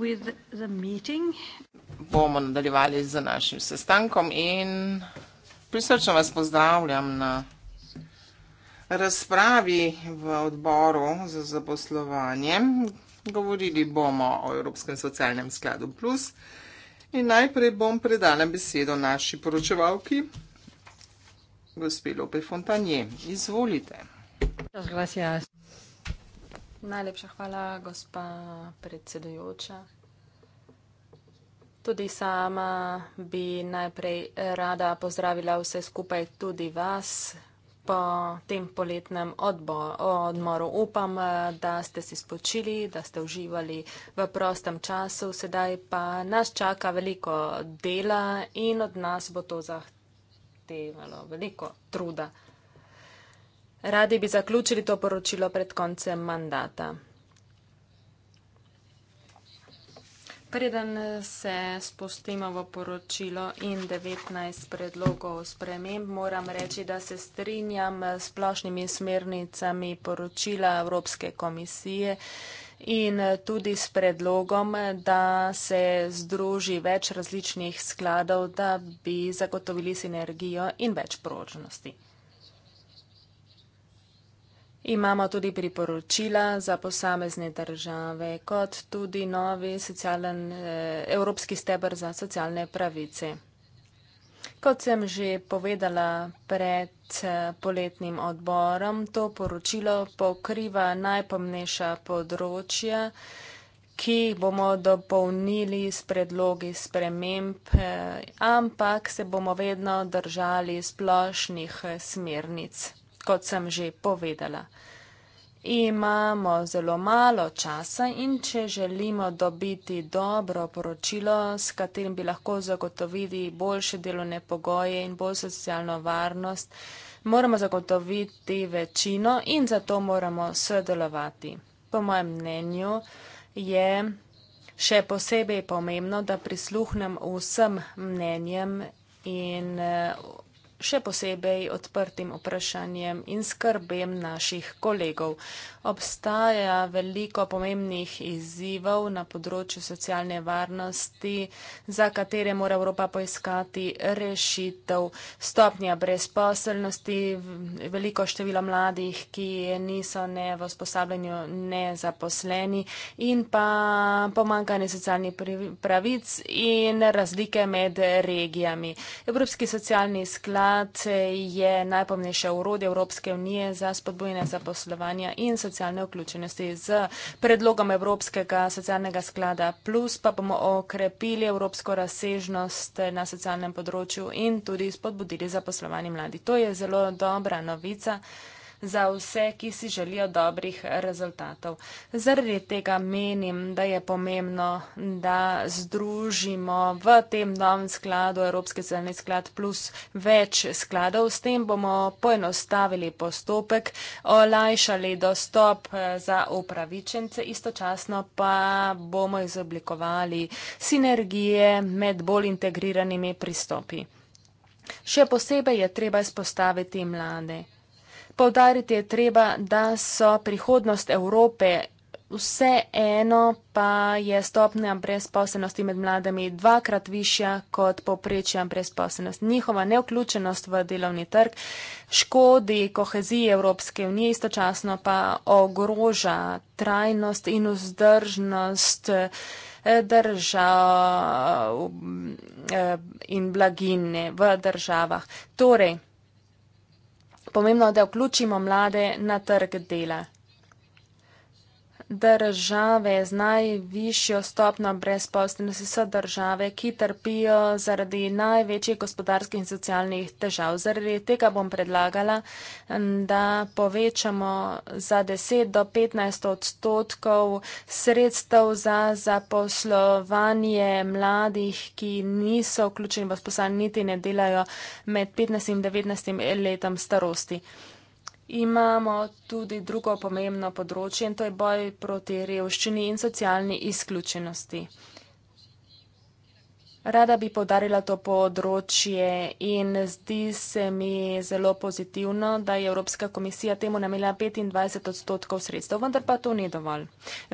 with the meeting. Bomo nadaljevali z našim sestankom in prisrčno vas pozdravljam na razpravi v odboru za zaposlovanje. Govorili bomo o Evropskem socialnem skladu Plus in najprej bom predala besedo naši poročevalki, gospe Lope Fontanje. Izvolite. Gracias. Najlepša hvala, gospa predsedujoča. Tudi sama bi najprej rada pozdravila vse skupaj tudi vas. Po tem poletnem odmoru upam, da ste si spočili, da ste uživali v prostem času. Sedaj pa nas čaka veliko dela in od nas bo to zahtevalo veliko truda. Radi bi zaključili to poročilo pred koncem mandata. Preden se spustimo v poročilo in 19 predlogov sprememb, moram reči, da se strinjam s splošnimi smernicami poročila Evropske komisije in tudi s predlogom, da se združi več različnih skladov, da bi zagotovili sinergijo in več prožnosti. Imamo tudi priporočila za posamezne države, kot tudi novi socialen, eh, evropski steber za socialne pravice. Kot sem že povedala pred eh, poletnim odborom, to poročilo pokriva najpomnejša področja, ki bomo dopolnili s predlogi sprememb, eh, ampak se bomo vedno držali splošnih smernic kot sem že povedala. Imamo zelo malo časa in če želimo dobiti dobro poročilo, s katerim bi lahko zagotovili boljše delovne pogoje in bolj socialno varnost, moramo zagotoviti večino in zato moramo sodelovati. Po mojem mnenju je še posebej pomembno, da prisluhnem vsem mnenjem in še posebej odprtim vprašanjem in skrbem naših kolegov. Obstaja veliko pomembnih izzivov na področju socialne varnosti, za katere mora Evropa poiskati rešitev. Stopnja brezposelnosti, veliko število mladih, ki niso ne v usposabljanju, ne zaposleni in pa pomankanje socialnih pravic in razlike med regijami. Evropski socialni sklad sklad je najpomnejše urodje Evropske unije za spodbojene zaposlovanja in socialne vključenosti. Z predlogom Evropskega socialnega sklada plus pa bomo okrepili evropsko razsežnost na socialnem področju in tudi spodbudili zaposlovanje mladi. To je zelo dobra novica za vse, ki si želijo dobrih rezultatov. Zaradi tega menim, da je pomembno, da združimo v tem novem skladu Evropski zeleni sklad plus več skladov. S tem bomo poenostavili postopek, olajšali dostop eh, za upravičence, istočasno pa bomo izoblikovali sinergije med bolj integriranimi pristopi. Še posebej je treba izpostaviti mlade. Povdariti je treba, da so prihodnost Evrope. Vse eno pa je stopnja brezposobnosti med mladimi dvakrat višja kot poprečja brezposobnosti. Njihova neuključenost v delovni trg škodi koheziji Evropske unije, istočasno pa ogroža trajnost in vzdržnost eh, držav eh, in blagine v državah. Torej, pomembno, da vključimo mlade na trg dela države z najvišjo stopno brezposobnosti so države, ki trpijo zaradi največjih gospodarskih in socialnih težav. Zaradi tega bom predlagala, da povečamo za 10 do 15 odstotkov sredstev za zaposlovanje mladih, ki niso vključeni v sposobnosti, niti ne delajo med 15 in 19 letom starosti imamo tudi drugo pomembno področje in to je boj proti revščini in socialni izključenosti. Rada bi podarila to področje in zdi se mi zelo pozitivno, da je Evropska komisija temu namela 25 odstotkov sredstev, vendar pa to ni dovolj.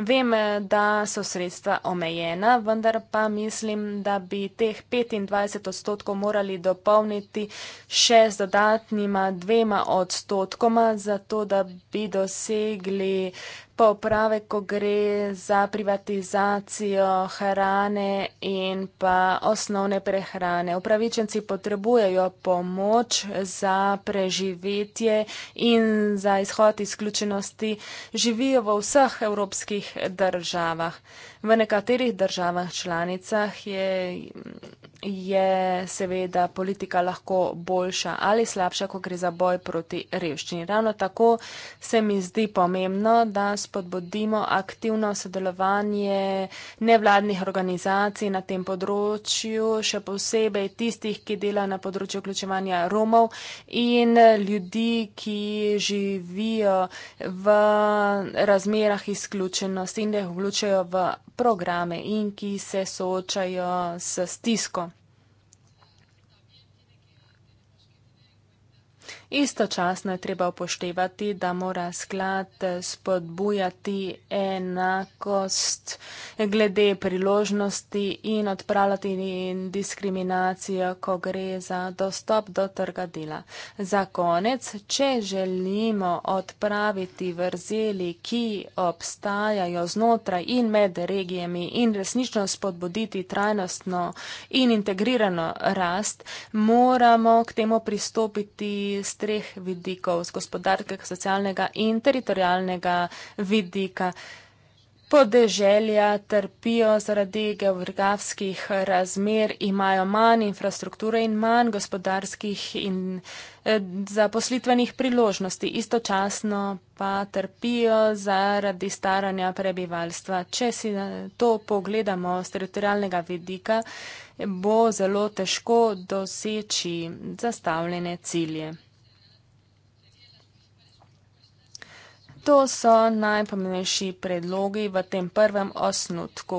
Vem, da so sredstva omejena, vendar pa mislim, da bi teh 25 odstotkov morali dopolniti še z dodatnima dvema odstotkoma, zato da bi dosegli uh, poprave, ko gre za privatizacijo hrane in pa osnovne prehrane. Upravičenci potrebujejo pomoč za preživetje in za izhod izključenosti. Živijo v vseh evropskih državah. V nekaterih državah članicah je je seveda politika lahko boljša ali slabša, ko gre za boj proti revščini. Ravno tako se mi zdi pomembno, da spodbudimo aktivno sodelovanje nevladnih organizacij na tem področju, še posebej tistih, ki delajo na področju vključevanja Romov in ljudi, ki živijo v razmerah izključenosti in da jih vključajo v programe in ki se soočajo s stiskom. Istočasno je treba upoštevati, da mora sklad eh, spodbujati enakost glede priložnosti in odpravljati diskriminacijo, ko gre za dostop do trga dela. Za konec, če želimo odpraviti vrzeli, ki obstajajo znotraj in med regijami in resnično spodbuditi trajnostno in integrirano rast, moramo k temu pristopiti s treh vidikov, z gospodarkega, socialnega in teritorijalnega vidika. Podeželja trpijo zaradi geografskih razmer, imajo manj infrastrukture in manj gospodarskih in eh, zaposlitvenih priložnosti. Istočasno pa trpijo zaradi staranja prebivalstva. Če si to pogledamo z teritorijalnega vidika, bo zelo težko doseči zastavljene cilje. To so najpomembnejši predlogi v tem prvem osnutku,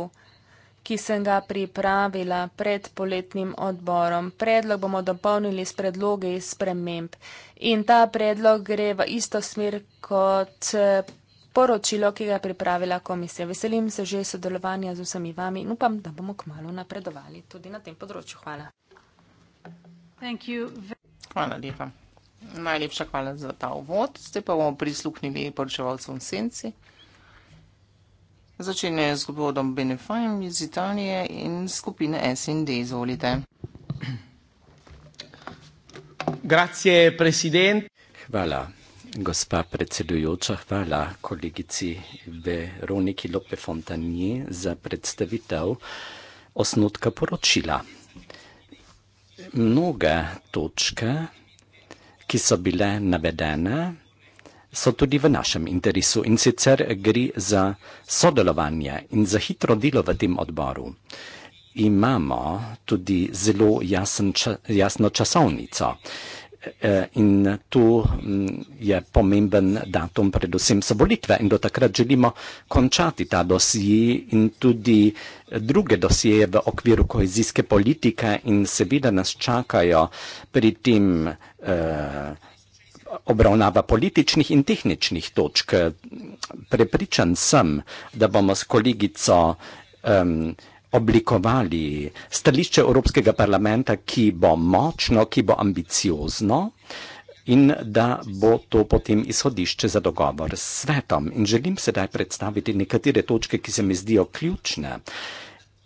ki sem ga pripravila pred poletnim odborom. Predlog bomo dopolnili s predlogi sprememb in ta predlog gre v isto smer kot eh, poročilo, ki ga je pripravila komisija. Veselim se že sodelovanja z vsemi vami in upam, da bomo kmalo napredovali tudi na tem področju. Hvala. Hvala lepa. Najlepša hvala za ta uvod. Zdaj pa bomo prisluhnili poročevalcem Senci. Začenje z gospodom Benefajem iz Italije in skupine SND. Izvolite. Grazie, predsednik. Hvala, gospa predsedujoča. Hvala kolegici Veroniki Lopefontanji za predstavitev osnutka poročila. Mnoga točka ki so bile navedene, so tudi v našem interesu in sicer gre za sodelovanje in za hitro delo v tem odboru. Imamo tudi zelo jasen, ča, jasno časovnico. Eh, in tu mm, je pomemben datum, predvsem so volitve in do takrat želimo končati ta dosji in tudi eh, druge dosjeje v okviru kohezijske politike in seveda nas čakajo pri tem eh, obravnava političnih in tehničnih točk. Prepričan sem, da bomo s kolegico vsega, oblikovali stališče Evropskega parlamenta, ki bo močno, ki bo ambiciozno in da bo to potem izhodišče za dogovor s svetom. In želim sedaj predstaviti nekatere točke, ki se mi zdijo ključne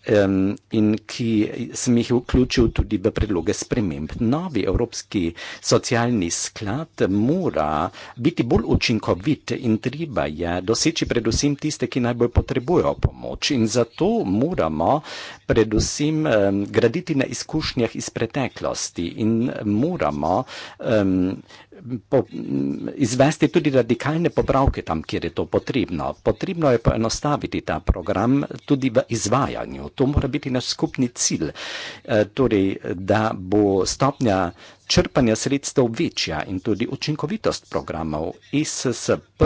um, in ki sem jih vključil tudi v predloge sprememb. Novi Evropski socialni sklad mora biti bolj učinkovit in treba je doseči predvsem tiste, ki najbolj potrebujo pomoč. In zato moramo predvsem um, graditi na izkušnjah iz preteklosti in moramo um, po, izvesti tudi radikalne popravke tam, kjer je to potrebno. Potrebno je poenostaviti ta program tudi v izvajanju. To mora biti naš skupni cilj. E, torej, da bo stopnja črpanja sredstev večja in tudi učinkovitost programov. ISSP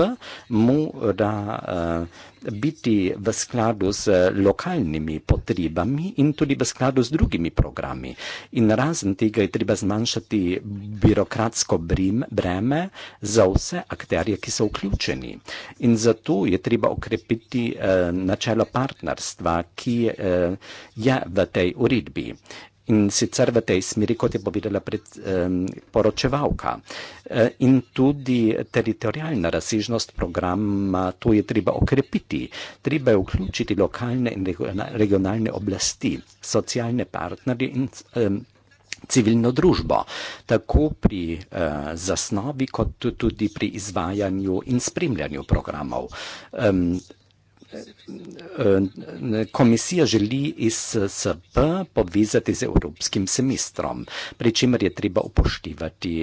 mora eh, biti v skladu z lokalnimi potrebami in tudi v skladu z drugimi programi. In razen tega je treba zmanjšati birokratsko breme za vse akterje, ki so vključeni. In zato je treba okrepiti eh, načelo partnerstva, ki eh, je v tej uredbi in sicer v tej smeri, kot je povedala pred, um, poročevalka. E, in tudi teritorijalna razsežnost programa, to je treba okrepiti. Treba je vključiti lokalne in regionalne oblasti, socialne partnerje in um, civilno družbo, tako pri uh, zasnovi, kot tudi pri izvajanju in spremljanju programov. Um, komisija želi ISSP povezati z evropskim semestrom, pri čemer je treba upoštevati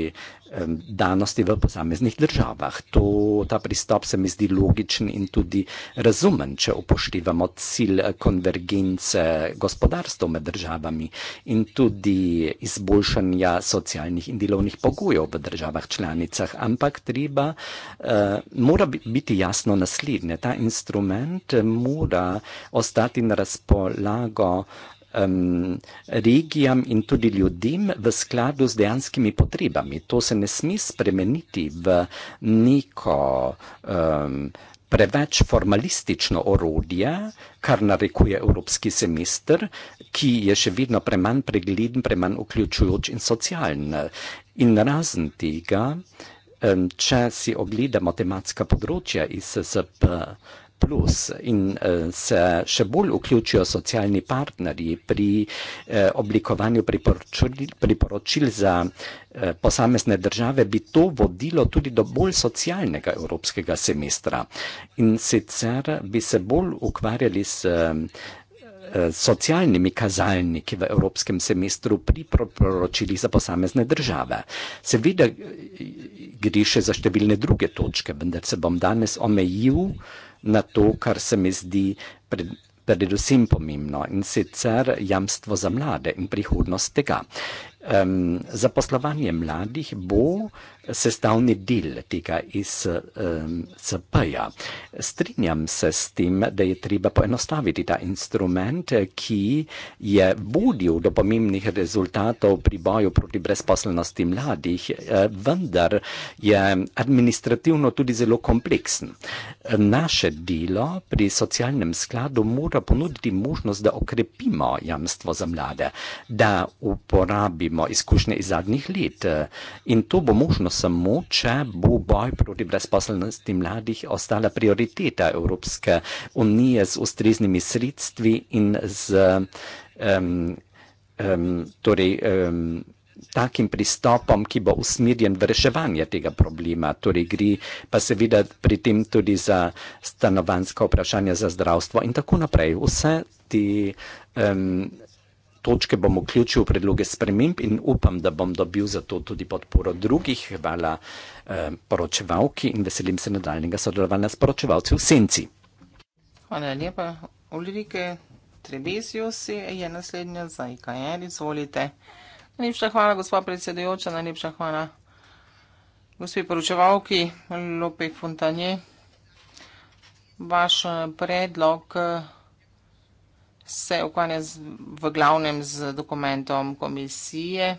danosti v posameznih državah. To, ta pristop se mi zdi logičen in tudi razumen, če upoštevamo cilj konvergence gospodarstva med državami in tudi izboljšanja socialnih in delovnih pogojev v državah članicah. Ampak treba, uh, mora biti jasno naslednje, ta instrument eh, mora ostati na razpolago um, regijam in tudi ljudem v skladu z dejanskimi potrebami. To se ne sme spremeniti v neko um, preveč formalistično orodje, kar narekuje evropski semester, ki je še vedno premanj pregleden, premanj vključujoč in socialen. In razen tega, če si ogledamo tematska področja ISSP, plus in eh, se še bolj vključijo socialni partnerji pri eh, oblikovanju priporočil za eh, posamezne države, bi to vodilo tudi do bolj socialnega evropskega semestra. In sicer bi se bolj ukvarjali s socialnimi kazalniki v evropskem semestru pri proporočili za posamezne države. Seveda gre še za številne druge točke, vendar se bom danes omejil na to, kar se mi zdi pred, predvsem pomembno in sicer jamstvo za mlade in prihodnost tega. Um, ehm, zaposlovanje mladih bo sestavni del tega ISCP-ja. Strinjam se s tem, da je treba poenostaviti ta instrument, ki je vodil do pomembnih rezultatov pri boju proti brezposelnosti mladih, e, vendar je administrativno tudi zelo kompleksen. Naše delo pri socialnem skladu mora ponuditi možnost, da okrepimo jamstvo za mlade, da uporabimo izkušnje iz zadnjih let e, in to bo možnost, samo, če bo boj proti brezposelnosti mladih ostala prioriteta Evropske unije z ustreznimi sredstvi in z um, um, torej, um, takim pristopom, ki bo usmerjen v reševanje tega problema. Torej, gre pa seveda pri tem tudi za stanovanska vprašanja, za zdravstvo in tako naprej. Vse te. Um, točke bom vključil v predloge sprememb in upam, da bom dobil za to tudi podporo drugih. Hvala eh, poročevalki in veselim se nadaljnega sodelovanja s poročevalci v Senci. Hvala lepa. Ulrike Trebesijo si je naslednja za IKR, izvolite. Najlepša hvala, gospa predsedujoča, najlepša hvala, gospod poročevalki Lope Fontanje. Vaš eh, predlog. Eh, se ukvarja z, v glavnem z dokumentom komisije.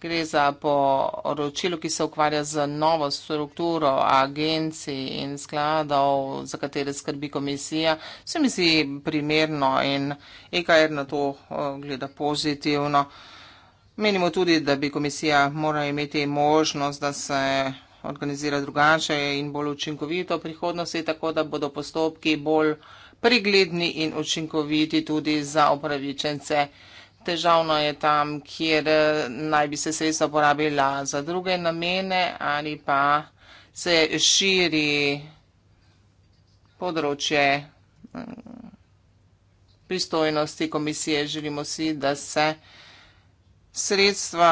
Gre za poročilo, ki se ukvarja z novo strukturo agencij in skladov, za katere skrbi komisija. Se mi zdi primerno in EKR na to eh, gleda pozitivno. Menimo tudi, da bi komisija morala imeti možnost, da se organizira drugače in bolj učinkovito prihodnosti, tako da bodo postopki bolj pregledni in učinkoviti tudi za upravičence. Težavno je tam, kjer eh, naj bi se sredstva porabila za druge namene ali pa se širi področje mm, pristojnosti komisije. Želimo si, da se sredstva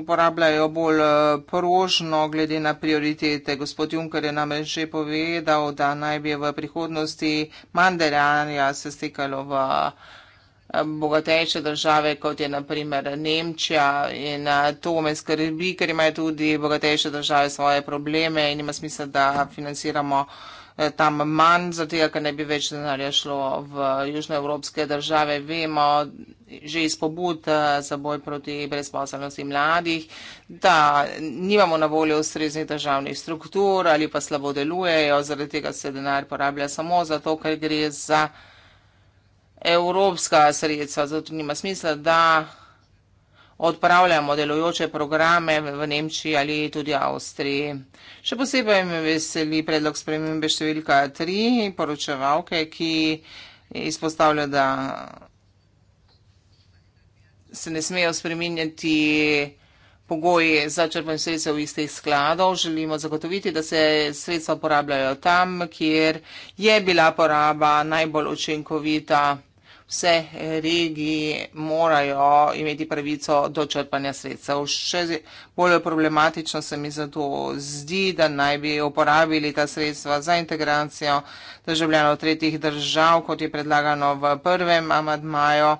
uporabljajo bolj eh, prožno, glede na prioritete. Gospod Juncker je namreč že povedal, da naj bi v prihodnosti mandarinja se stikalo v eh, bogatejše države, kot je naprimer Nemčija in eh, to me skrbi, ker imajo tudi bogatejše države svoje probleme in ima smisel, da financiramo Eh, tam manj, zato je, ja, ker ne bi več denarja šlo v južnoevropske države. Vemo že iz pobud eh, za boj proti brezposelnosti mladih, da nimamo na voljo ustreznih državnih struktur ali pa slabo delujejo, zaradi tega se denar porablja samo zato, ker gre za evropska sredstva, zato nima smisla, da odpravljamo delujoče programe v Nemčiji ali tudi Avstriji. Še posebej me veseli predlog spremembe številka 3 poročevalke, ki izpostavlja, da se ne smejo spreminjati pogoji za črpanje sredstev iz teh skladov. Želimo zagotoviti, da se sredstva uporabljajo tam, kjer je bila poraba najbolj učinkovita vse regije morajo imeti pravico do črpanja sredstev. Še bolj problematično se mi zato zdi, da naj bi uporabili ta sredstva za integracijo državljanov tretjih držav, kot je predlagano v prvem amadmaju.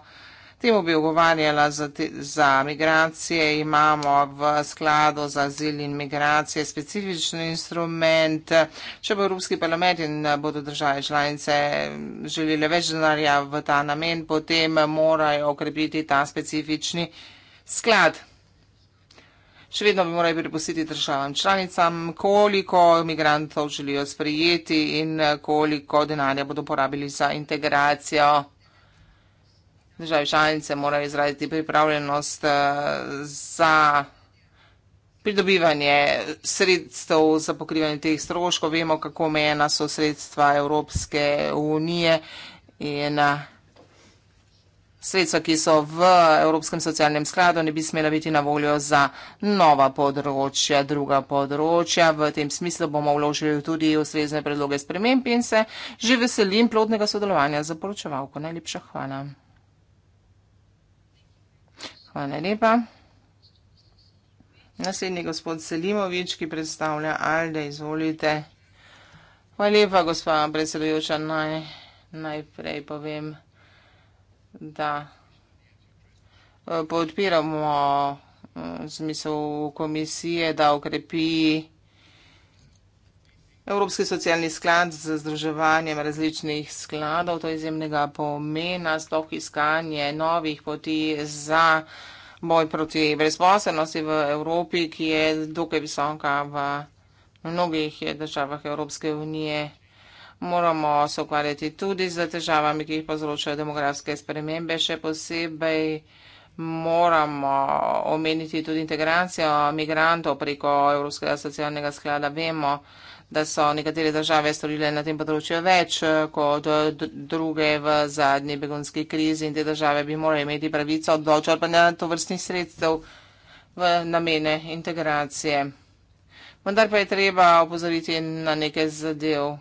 Temu bi ogovarjala za, za migracije. Imamo v skladu za azil in migracije specifičen instrument. Če bo Evropski parlament in bodo države članice želele več denarja v ta namen, potem morajo okrepiti ta specifični sklad. Še vedno bi morali prepustiti državam članicam, koliko migrantov želijo sprejeti in koliko denarja bodo porabili za integracijo države članice morajo izraziti pripravljenost eh, za pridobivanje sredstev za pokrivanje teh stroškov. Vemo, kako omejena so sredstva Evropske unije in eh, sredstva, ki so v Evropskem socialnem skladu, ne bi smela biti na voljo za nova področja, druga področja. V tem smislu bomo vložili tudi ustrezne predloge sprememb in se že veselim plodnega sodelovanja za poročevalko. Najlepša hvala. Hvala lepa. Naslednji gospod Selimovič, ki predstavlja Alde, izvolite. Hvala lepa, gospa predsedujoča. Naj, najprej povem, da eh, podpiramo zmisel eh, komisije, da ukrepi. Evropski socialni sklad z združevanjem različnih skladov, to je izjemnega pomena, sploh iskanje novih poti za boj proti brezposelnosti v Evropi, ki je dokaj visoka v mnogih državah Evropske unije. Moramo se ukvarjati tudi z težavami, ki jih povzročajo demografske spremembe, še posebej moramo omeniti tudi integracijo migrantov preko Evropskega socialnega sklada. Vemo, da so nekatere države storile na tem področju več eh, kot eh, druge v zadnji begonski krizi in te države bi morali imeti pravico do črpanja to vrstnih sredstev v namene integracije. Vendar pa je treba opozoriti na neke zadev.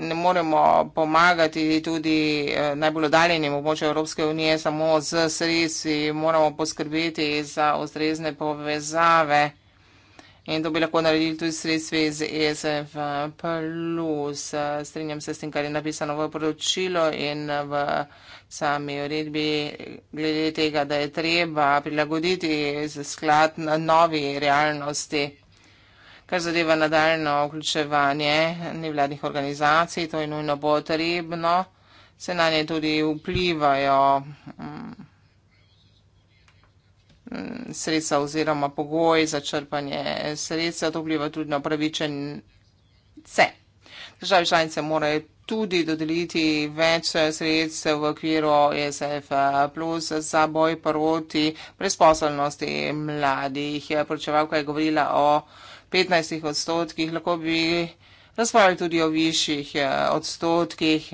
Ne moremo pomagati tudi eh, najbolj odaljenim območju Evropske unije samo z sredstvi, moramo poskrbeti za ustrezne povezave in to bi lahko naredili tudi sredstvi iz ESF+. Plus. Strenjam se s tem, kar je napisano v poročilo in v sami uredbi glede tega, da je treba prilagoditi sklad na novi realnosti, kar zadeva nadaljno vključevanje nevladnih organizacij, to je nujno potrebno, se na nje tudi vplivajo. Hmm. Eh, sredstva oziroma pogoji za črpanje sredstva, to vpliva tudi na upravičence. Države članice morajo tudi dodeliti več sredstev v okviru ESF plus za boj proti brezposobnosti mladih. Pročevalka je govorila o 15 odstotkih, lahko bi razpravljali tudi o višjih eh, odstotkih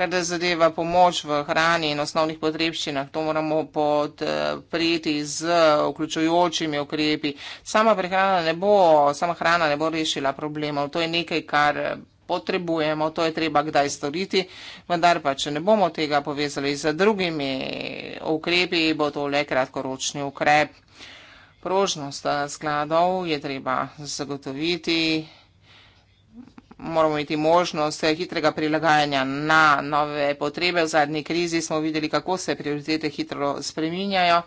kada zadeva pomoč v hrani in osnovnih potrebščinah. To moramo podpreti z vključujočimi ukrepi. Sama prehrana ne bo, sama hrana ne bo rešila problemov. To je nekaj, kar potrebujemo, to je treba kdaj storiti, vendar pa, če ne bomo tega povezali z drugimi ukrepi, bo to le kratkoročni ukrep. Prožnost eh, skladov je treba zagotoviti moramo imeti možnost eh, hitrega prilagajanja na nove potrebe. V zadnji krizi smo videli, kako se prioritete hitro spreminjajo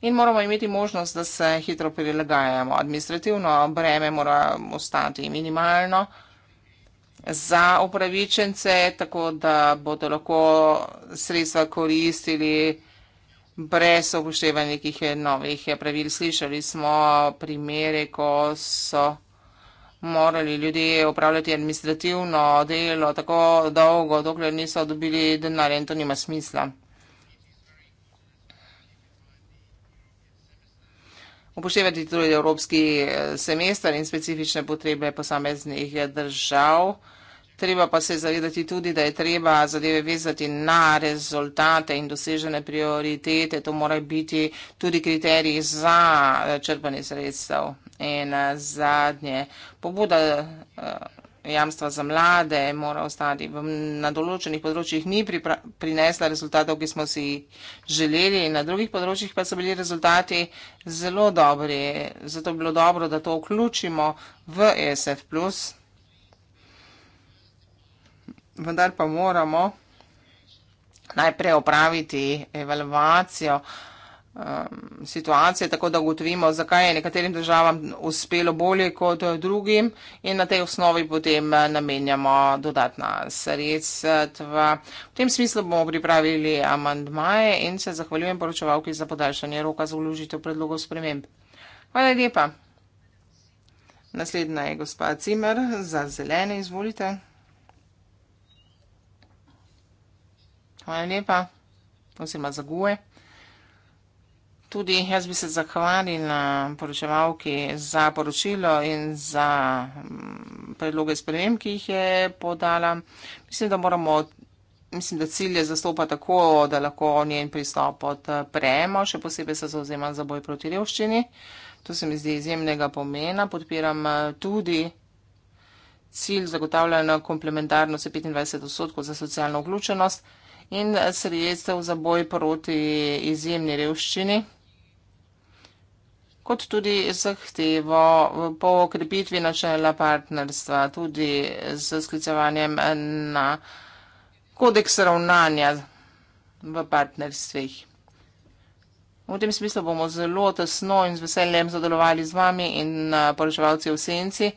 in moramo imeti možnost, da se hitro prilagajamo. Administrativno breme mora ostati minimalno za upravičence, tako da bodo lahko sredstva koristili brez upoštevanja nekih novih pravil. Slišali smo primere, ko so morali ljudje upravljati administrativno delo tako dolgo, dokler niso dobili denar in to nima smisla. Upoštevati tudi evropski semester in specifične potrebe posameznih držav. Treba pa se zavedati tudi, da je treba zadeve vezati na rezultate in dosežene prioritete. To mora biti tudi kriterij za eh, črpanje sredstev. In eh, zadnje, pobuda eh, jamstva za mlade mora ostati na določenih področjih ni prinesla rezultatov, ki smo si želeli, na drugih področjih pa so bili rezultati zelo dobri. Zato bi bilo dobro, da to vključimo v ESF vendar pa moramo najprej opraviti evalvacijo um, situacije, tako da ugotovimo, zakaj je nekaterim državam uspelo bolje kot drugim in na tej osnovi potem eh, namenjamo dodatna sredstva. V tem smislu bomo pripravili amandmaje in se zahvaljujem poročevalki za podaljšanje roka za vložitev predlogov sprememb. Hvala lepa. Naslednja je gospa Cimer za zelene, izvolite. Hvala lepa. Oziroma za guje. Tudi jaz bi se zahvalila poročevalki za poročilo in za mm, predloge sprejem, ki jih je podala. Mislim, da moramo, mislim, da cilje zastopa tako, da lahko njen pristop odpremo, še posebej se zauzema za boj proti revščini. To se mi zdi izjemnega pomena. Podpiram eh, tudi cilj zagotavljanja komplementarnosti 25 odstotkov za socialno vključenost in eh, sredstev za boj proti izjemni revščini, kot tudi zahtevo eh, po okrepitvi načela partnerstva, tudi z sklicevanjem eh, na kodeks ravnanja v partnerstvih. V tem smislu bomo zelo tesno in z veseljem zadolovali z vami in poročevalci v senci.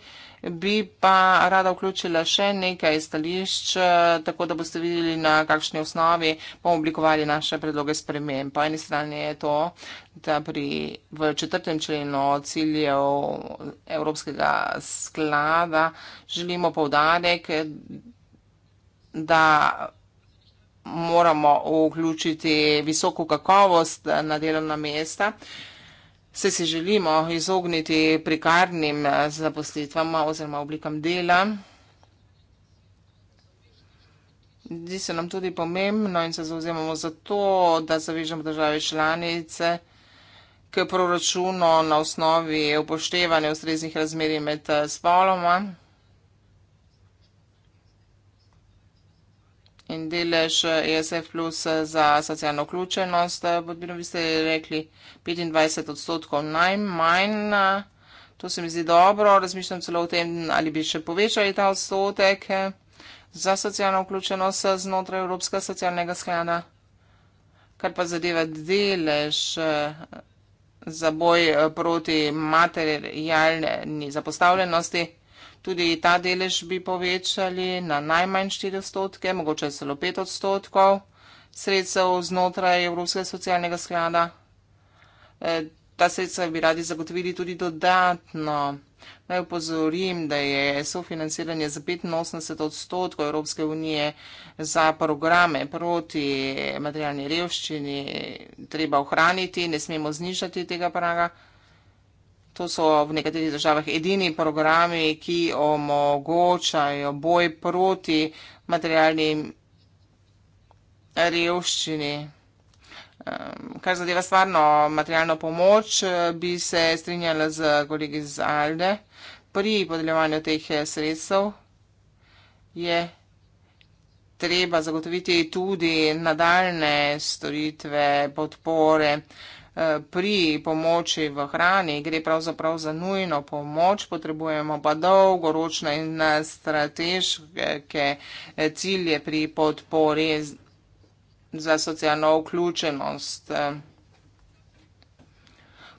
Bi pa rada vključila še nekaj stališč, eh, tako da boste videli, na kakšni osnovi bomo oblikovali naše predloge sprememb. Po eni strani je to, da pri v četrtem členu ciljev Evropskega sklada želimo povdarek, da moramo vključiti visoko kakovost na delovna mesta. Uh, Se si želimo izogniti prikarnim eh, zaposlitvama oziroma oblikam dela. Zdi se nam tudi pomembno in se zauzemamo za to, da zavežemo države članice k proračunu na osnovi upoštevanja ustreznih razmerij med eh, spoloma. in delež ESF eh, e plus eh, za socialno vključenost, potem eh, bi ste rekli 25 odstotkov najmanj. To se mi zdi dobro, razmišljam celo o tem, ali bi še povečali ta odstotek za socialno vključenost znotraj Evropskega socialnega sklada. Kar pa zadeva delež za boj proti materialni zapostavljenosti tudi ta delež bi povečali na najmanj 4 odstotke, mogoče celo 5 odstotkov sredstev znotraj Evropskega socialnega sklada. E, ta sredstva bi radi zagotovili tudi dodatno. Naj upozorim, da je sofinanciranje za 85 odstotkov Evropske unije za programe proti materialni revščini treba ohraniti, ne smemo znižati tega praga to so v nekaterih državah edini programi, ki omogočajo boj proti materialni revščini. Kar zadeva stvarno materialno pomoč, bi se strinjala z kolegi iz Alde. Pri podeljevanju teh sredstev je treba zagotoviti tudi nadaljne storitve podpore pri pomoči v hrani, gre pravzaprav za nujno pomoč, potrebujemo pa dolgoročne in eh, strateške eh, cilje pri podpori za socialno vključenost.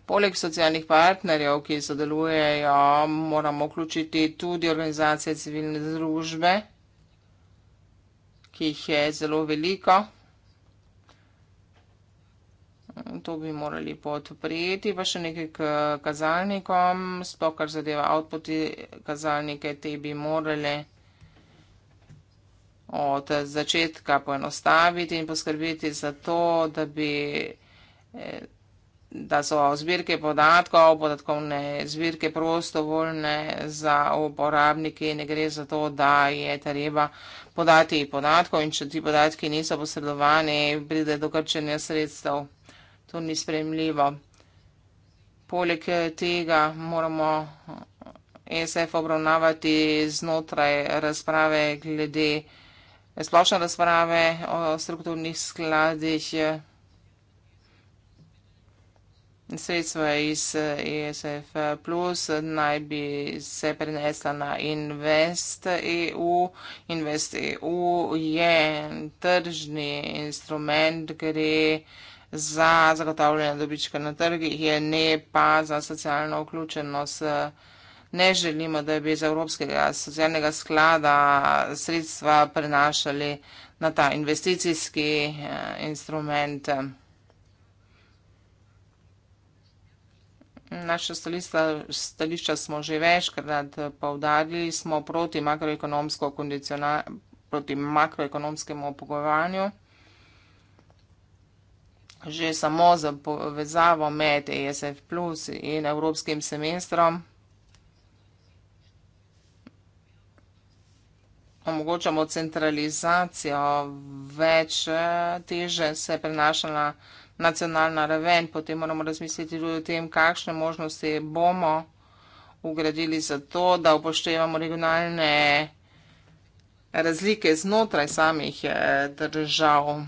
Poleg socialnih partnerjev, ki sodelujejo, moramo vključiti tudi organizacije civilne družbe, ki jih je zelo veliko. To bi morali podprijeti, pa še nekaj k kazalnikom, sploh kar zadeva output kazalnike, te bi morali od začetka poenostaviti in poskrbiti za to, da bi eh, da so zbirke podatkov, podatkovne zbirke prostovoljne za uporabnike in ne gre za to, da je treba podati podatkov in če ti podatki niso posredovani, pride do krčenja sredstev. To ni spremljivo. Poleg eh, tega moramo ESF eh, obravnavati znotraj razprave glede eh, splošne razprave o strukturnih skladih sredstva iz ESF+, e naj bi se prenesla na Invest EU. Invest EU je tržni instrument, gre vsega, za zagotavljanje dobička na trgih, je ne pa za socialno vključenost. Eh, ne želimo, da bi iz Evropskega socialnega sklada sredstva prenašali na ta investicijski eh, instrument. Naša stališča, stališča smo že večkrat povdarili, smo proti makroekonomskemu kondicionalnemu, proti makroekonomskemu pogovarjanju že samo za povezavo med ESF plus in evropskim semestrom omogočamo centralizacijo, več eh, teže se prenaša na nacionalna raven, potem moramo razmisliti tudi o tem, kakšne možnosti bomo ugradili za to, da upoštevamo regionalne razlike znotraj samih eh, držav.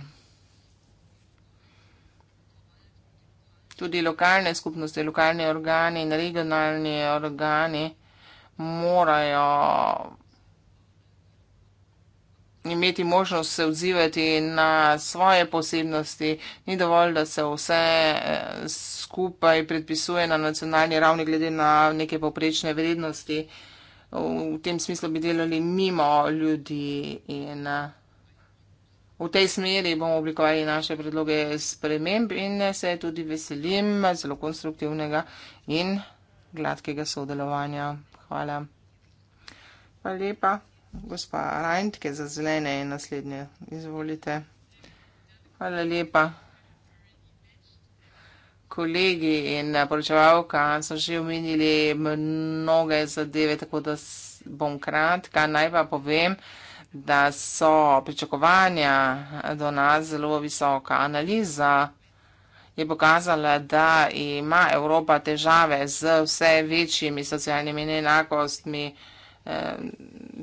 tudi lokalne skupnosti, lokalni organi in regionalni organi morajo imeti možnost se odzivati na svoje posebnosti. Ni dovolj, da se vse eh, skupaj predpisuje na nacionalni ravni glede na neke poprečne vrednosti. V tem smislu bi delali mimo ljudi in na. Eh, V tej smeri bomo oblikovali naše predloge sprememb in se tudi veselim zelo konstruktivnega in gladkega sodelovanja. Hvala. Hvala lepa, gospa Rajntke za zelene in naslednje. Izvolite. Hvala lepa. Kolegi in poročevalka so že omenili mnoge zadeve, tako da bom kratka. Naj pa povem, da da so pričakovanja do nas zelo visoka. Analiza je pokazala, da ima Evropa težave z vse večjimi socialnimi neenakostmi.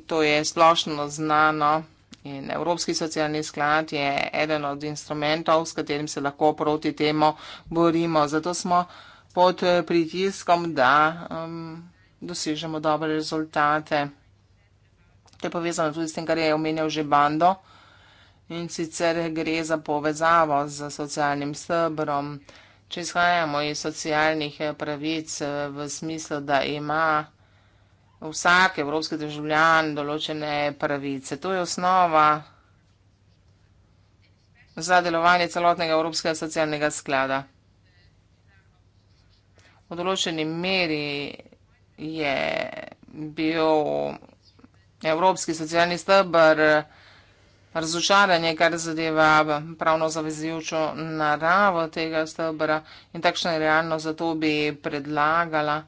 To je splošno znano in Evropski socialni sklad je eden od instrumentov, s katerim se lahko proti temu borimo. Zato smo pod pritiskom, da um, dosežemo dobre rezultate. To je povezano tudi s tem, kar je omenjal že Bando. In sicer gre za povezavo z socialnim stebrom. Če izhajamo iz socialnih eh, pravic eh, v smislu, da ima vsak evropski državljan določene pravice, to je osnova za delovanje celotnega evropskega socialnega sklada. V določeni meri je bil evropski socialni stebr, razočaranje, kar zadeva pravno zavezujočo naravo tega stebra in takšno je realno, zato bi predlagala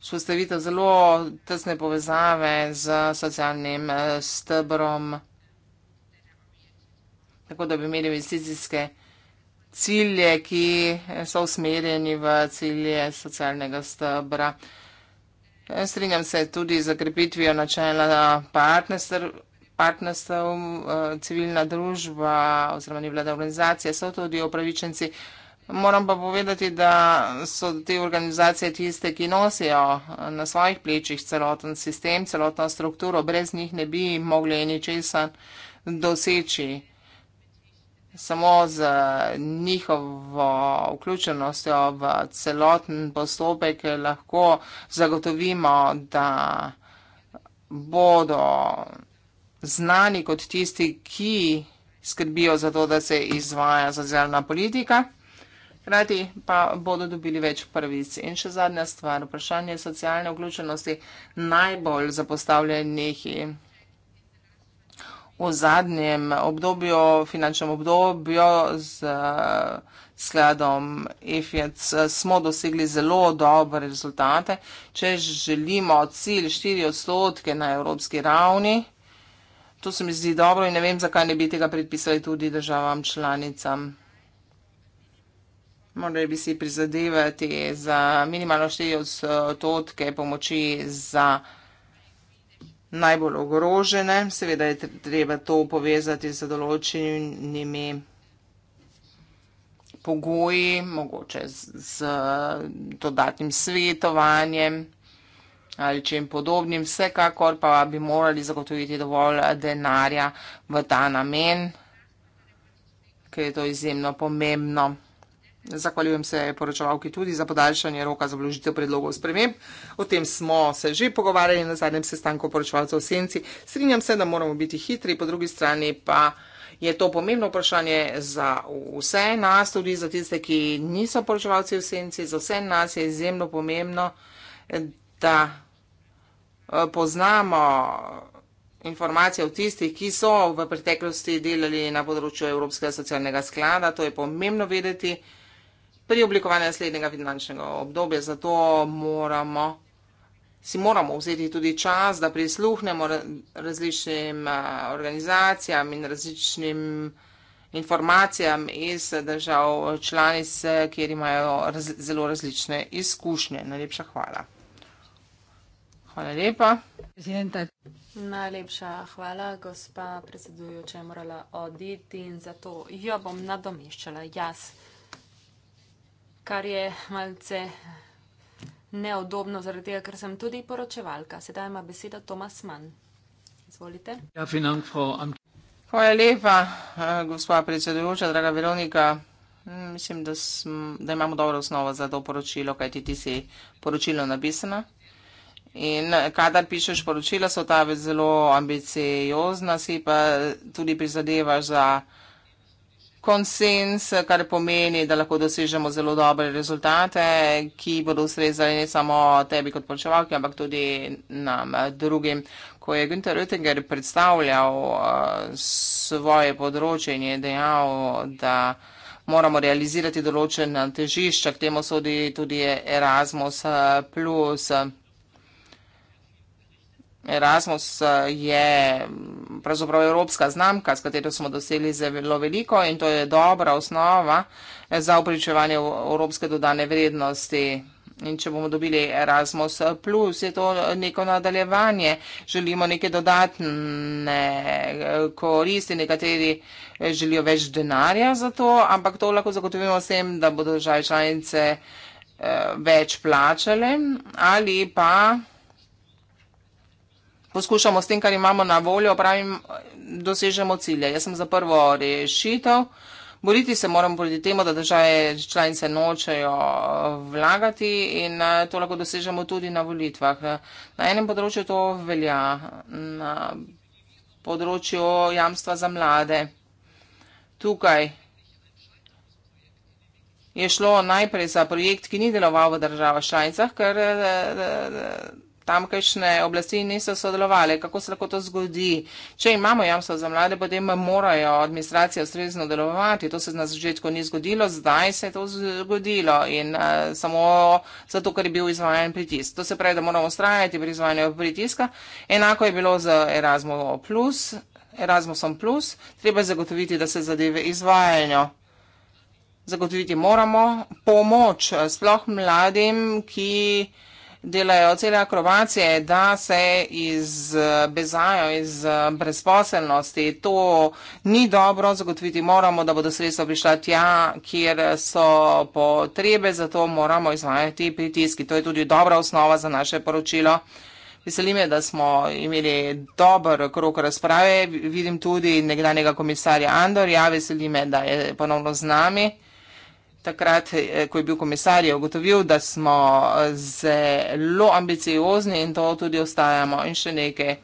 vzpostavitev zelo tesne povezave z socialnim eh, stebrom, tako da bi imeli investicijske cilje, ki so usmerjeni v cilje socialnega stebra. Strinjam se tudi z zagrebitvijo načela partnerstv, e, civilna družba oziroma nevlada organizacija so tudi opravičenci. Moram pa povedati, da so te organizacije tiste, ki nosijo na svojih plečih celoten sistem, celotno strukturo, brez njih ne bi mogli ničesa doseči samo z njihovo vključenostjo v celoten postopek lahko zagotovimo, da bodo znani kot tisti, ki skrbijo za to, da se izvaja socialna politika. Hrati pa bodo dobili več prvic. In še zadnja stvar, vprašanje socialne vključenosti najbolj zapostavljenih in v zadnjem obdobju, finančnem obdobju z eh, skladom EFIC eh, smo dosegli zelo dobre rezultate. Če želimo cilj 4 odstotke na evropski ravni, to se mi zdi dobro in ne vem, zakaj ne bi tega predpisali tudi državam članicam. Morali bi si prizadevati za minimalno 4 odstotke pomoči za državam članicam najbolj ogrožene. Seveda je treba to povezati z določenimi pogoji, mogoče z, z dodatnim svetovanjem ali čem podobnim. Vsekakor pa bi morali zagotoviti dovolj denarja v ta namen, ker je to izjemno pomembno. Zahvaljujem se poročevalki tudi za podaljšanje roka za vložitev predlogov sprememb. O tem smo se že pogovarjali na zadnjem sestanku poročevalcev v Senci. Strinjam se, da moramo biti hitri, po drugi strani pa je to pomembno vprašanje za vse nas, tudi za tiste, ki niso poročevalci v Senci. Za vse nas je izjemno pomembno, da eh, poznamo informacije o tistih, ki so v preteklosti delali na področju Evropskega socialnega sklada. To je pomembno vedeti pri oblikovanju naslednjega finančnega obdobja. Zato moramo, si moramo vzeti tudi čas, da prisluhnemo različnim organizacijam in različnim informacijam iz držav članic, kjer imajo raz, zelo različne izkušnje. Najlepša hvala. Hvala lepa. Najlepša hvala, gospa predsedujoča je morala oditi in zato jo bom nadomeščala jaz kar je malce neodobno, zaradi tega, ker sem tudi poročevalka. Sedaj ima beseda Tomas Mann. Izvolite. Ja, finank, am... Hvala lepa, eh, gospa predsedujoča, draga Veronika. Mm, mislim, da, sm, da imamo dobro osnovo za to poročilo, kajti ti si poročilo napisana. In eh, kadar pišeš poročila, so ta več zelo ambiciozna, si pa tudi prizadevaš za konsens, kar pomeni, da lahko dosežemo zelo dobre rezultate, ki bodo ustrezali ne samo tebi kot plačevalki, ampak tudi nam drugim. Ko je Günter Oettinger predstavljal eh, svoje področje in je dejal, da moramo realizirati določena težišča, k temu sodi tudi Erasmus. Eh, Erasmus eh, je pravzaprav evropska znamka, s katero smo dosegli zelo veliko in to je dobra osnova eh, za upričevanje evropske dodane vrednosti. In če bomo dobili Erasmus, plus, je to neko nadaljevanje, želimo neke dodatne eh, koristi, nekateri želijo več denarja za to, ampak to lahko zagotovimo s tem, da bodo države članice več plačale ali pa poskušamo s tem, kar imamo na voljo, pravim, dosežemo cilje. Jaz sem za prvo rešitev. Boriti se moramo proti temu, da države članice nočejo eh, vlagati in eh, to lahko dosežemo tudi na volitvah. Na enem področju to velja, na področju jamstva za mlade. Tukaj je šlo najprej za projekt, ki ni deloval v državah članicah, ker eh, tamkajšnje oblasti niso sodelovali. Kako se lahko to zgodi? Če imamo jamstvo za mlade, potem morajo administracije ustrezno delovati. To se na začetku ni zgodilo, zdaj se je to zgodilo in uh, samo zato, ker je bil izvajan pritisk. To se pravi, da moramo ustrajati pri izvajanju pritiska. Enako je bilo z plus, Erasmusom. Plus. Treba zagotoviti, da se zadeve izvajanju. Zagotoviti moramo pomoč eh, sploh mladim, ki delajo cele akrobacije, da se izbezajo iz eh, brezposelnosti. To ni dobro, zagotoviti moramo, da bodo sredstva prišla tja, kjer so potrebe, zato moramo izvajati pritiski. To je tudi dobra osnova za naše poročilo. Veselime, da smo imeli dober krok razprave. Vidim tudi nekdanjega komisarja Andorja, veselime, da je ponovno z nami takrat, eh, ko je bil komisar, je ugotovil, da smo eh, zelo ambiciozni in to tudi ostajamo. In še nekaj.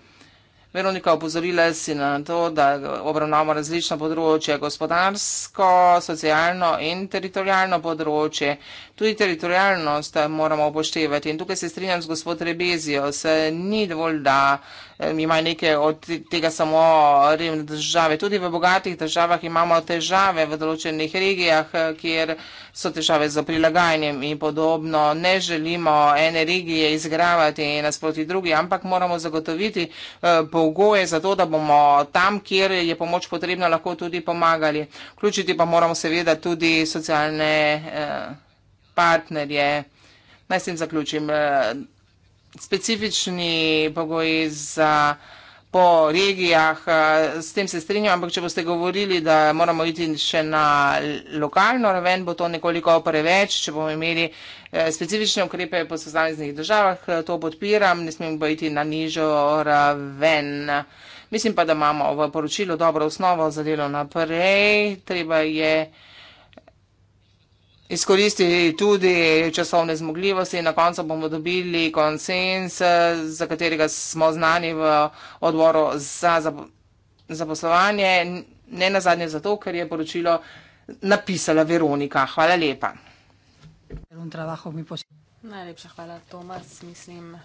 Veronika upozorila si na to, da obravnavamo različna področja, gospodarsko, socialno in teritorijalno področje. Tudi teritorijalnost eh, moramo upoštevati in tukaj se strinjam z gospod Rebezijo, se ni dovolj, da imajo nekaj od tega samo revne države. Tudi v bogatih državah imamo težave v določenih regijah, eh, kjer so težave za prilagajanjem in podobno. Ne želimo ene regije izgravati in nasproti drugi, ampak moramo zagotoviti eh, pogoje za to, da bomo tam, kjer je pomoč potrebna, lahko tudi pomagali. Vključiti pa moramo seveda tudi socialne. Eh, partnerje. Naj s tem zaključim. Eh, specifični pogoji za po regijah, eh, s tem se strinjam, ampak če boste govorili, da moramo iti še na lokalno raven, bo to nekoliko preveč, če bomo imeli eh, specifične ukrepe po sozaveznih državah, to podpiram, ne smemo pa iti na nižjo raven. Mislim pa, da imamo v poročilu dobro osnovo za delo naprej, treba je izkoristi tudi časovne zmogljivosti in na koncu bomo dobili konsens, za katerega smo znani v odboru za zaposlovanje, ne na zadnje zato, ker je poročilo napisala Veronika. Hvala lepa. Najlepša hvala, Tomas. Mislim,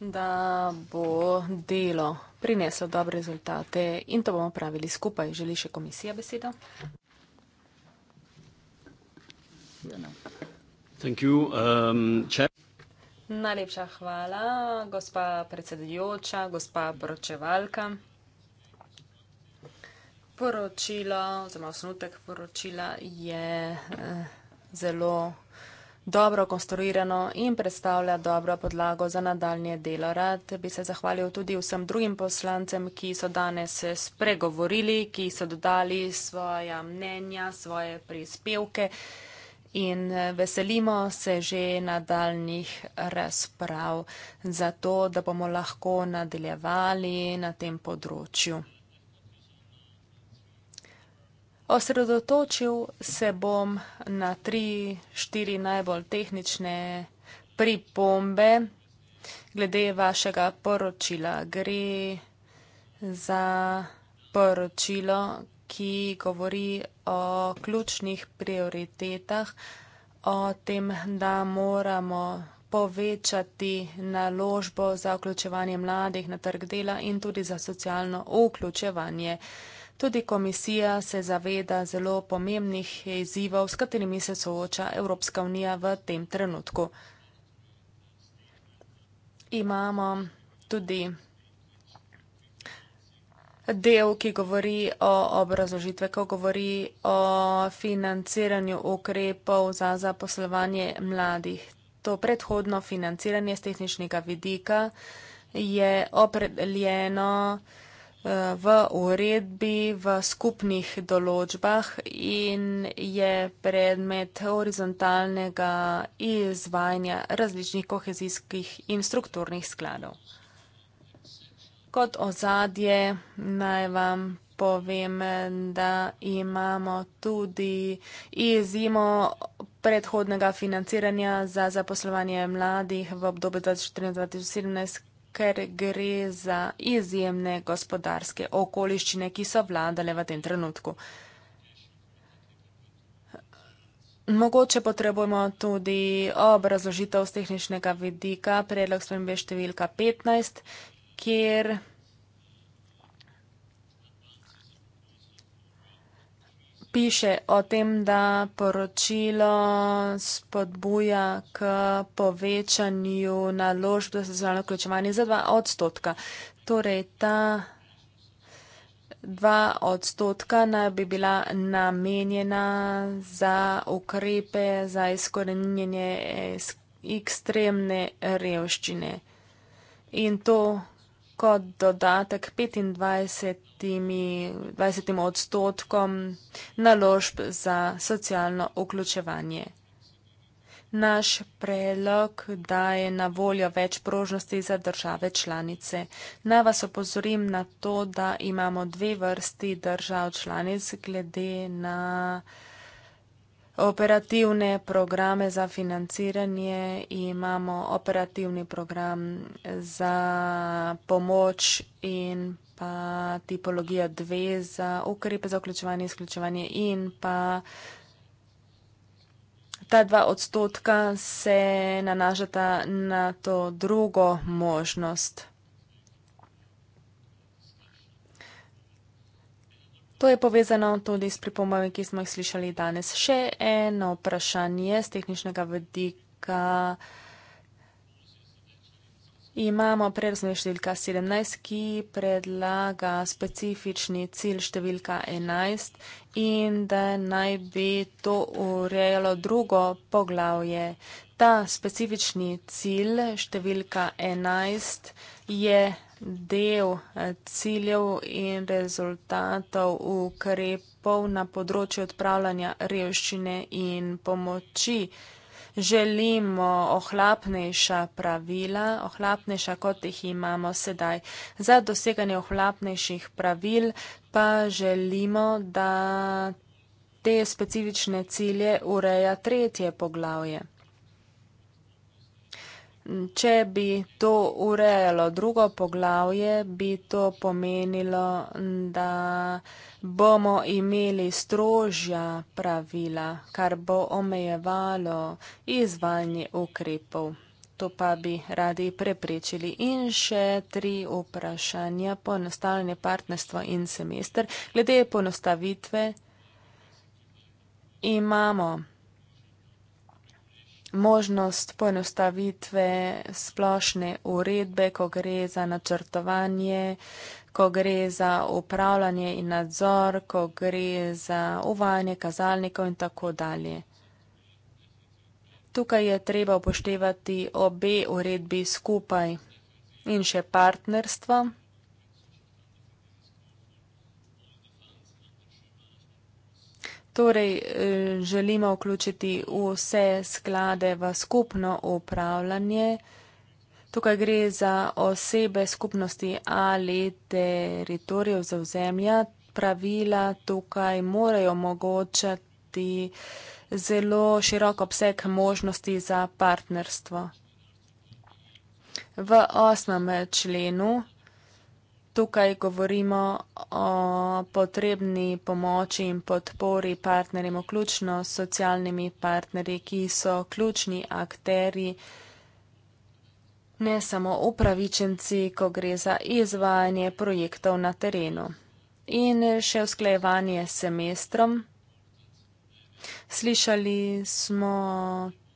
da bo delo prineslo dobre rezultate in to bomo pravili skupaj. Želi še komisija besedo? Um, Najlepša hvala, gospa predsedujoča, gospa poročevalka. Poročilo oziroma osnutek poročila je eh, zelo dobro konstruirano in predstavlja dobro podlago za nadaljnje delo. Rad bi se zahvalil tudi vsem drugim poslancem, ki so danes spregovorili, ki so dodali svoja mnenja, svoje prispevke. Eh, in eh, veselimo se že nadaljnih razprav za to, da bomo lahko nadaljevali na tem področju. Osredotočil se bom na tri, štiri najbolj tehnične pripombe glede vašega poročila. Gre za poročilo, ki govori o ključnih prioritetah, o tem, da moramo povečati naložbo za vključevanje mladih na trg dela in tudi za socialno vključevanje. Tudi komisija se zaveda zelo pomembnih izzivov, s katerimi se sooča Evropska unija v tem trenutku. Imamo tudi del, ki govori o obrazložitve, ko govori o financiranju ukrepov za zaposlovanje mladih. To predhodno financiranje z tehničnega vidika je opredeljeno eh, v uredbi, v skupnih določbah in je predmet horizontalnega izvajanja različnih kohezijskih in strukturnih skladov kot ozadje naj vam povem, da imamo tudi izjemo predhodnega financiranja za zaposlovanje mladih v obdobju 2014-2017, ker gre za izjemne gospodarske okoliščine, ki so vladale v tem trenutku. Mogoče potrebujemo tudi obrazložitev z tehničnega vidika, predlog spremembe številka 15, kjer piše o tem, da poročilo spodbuja k povečanju naložb za socialno vključevanje za dva odstotka. Torej, ta dva odstotka naj bi bila namenjena za ukrepe za izkoreninjenje eh, ekstremne revščine. In to kot dodatek 25, 20 odstotkom naložb za socialno vključevanje. Naš prelog daje na voljo več prožnosti za države članice. Na vas opozorim na to, da imamo dve vrsti držav članic glede na uh, operativne programe za financiranje, imamo operativni program za pomoč in pa tipologija dve za ukrepe za vključevanje in izključevanje in pa ta dva odstotka se nanažata na to drugo možnost. To je povezano tudi s pripombami, ki smo jih slišali danes. Še eno vprašanje z tehničnega vedika. Imamo prerazne številka 17, ki predlaga specifični cilj številka 11 in da naj bi to urejalo drugo poglavje. Ta specifični cilj številka 11 je del eh, ciljev in rezultatov ukrepov na področju odpravljanja revščine in pomoči. Želimo ohlapnejša pravila, ohlapnejša kot jih imamo sedaj. Za doseganje ohlapnejših pravil pa želimo, da te specifične cilje ureja tretje poglavje. Če bi to urejalo drugo poglavje, bi to pomenilo, da bomo imeli strožja pravila, kar bo omejevalo izvajanje ukrepov. To pa bi radi preprečili. In še tri vprašanja. Ponostavljanje partnerstva in semester. Glede ponostavitve imamo možnost poenostavitve splošne uredbe, ko gre za načrtovanje, ko gre za upravljanje in nadzor, ko gre za uvajanje kazalnikov in tako dalje. Tukaj je treba upoštevati obe uredbi skupaj in še partnerstvo. Torej, eh, želimo vključiti vse sklade v skupno upravljanje. Tukaj gre za osebe skupnosti ali teritorijev za vzemlja. Pravila tukaj morajo omogočati zelo širok obseg možnosti za partnerstvo. V osmem členu Tukaj govorimo o potrebni pomoči in podpori partnerjem, vključno s socialnimi partnerji, ki so ključni akteri, ne samo upravičenci, ko gre za izvajanje projektov na terenu. In še usklejevanje s semestrom. Slišali smo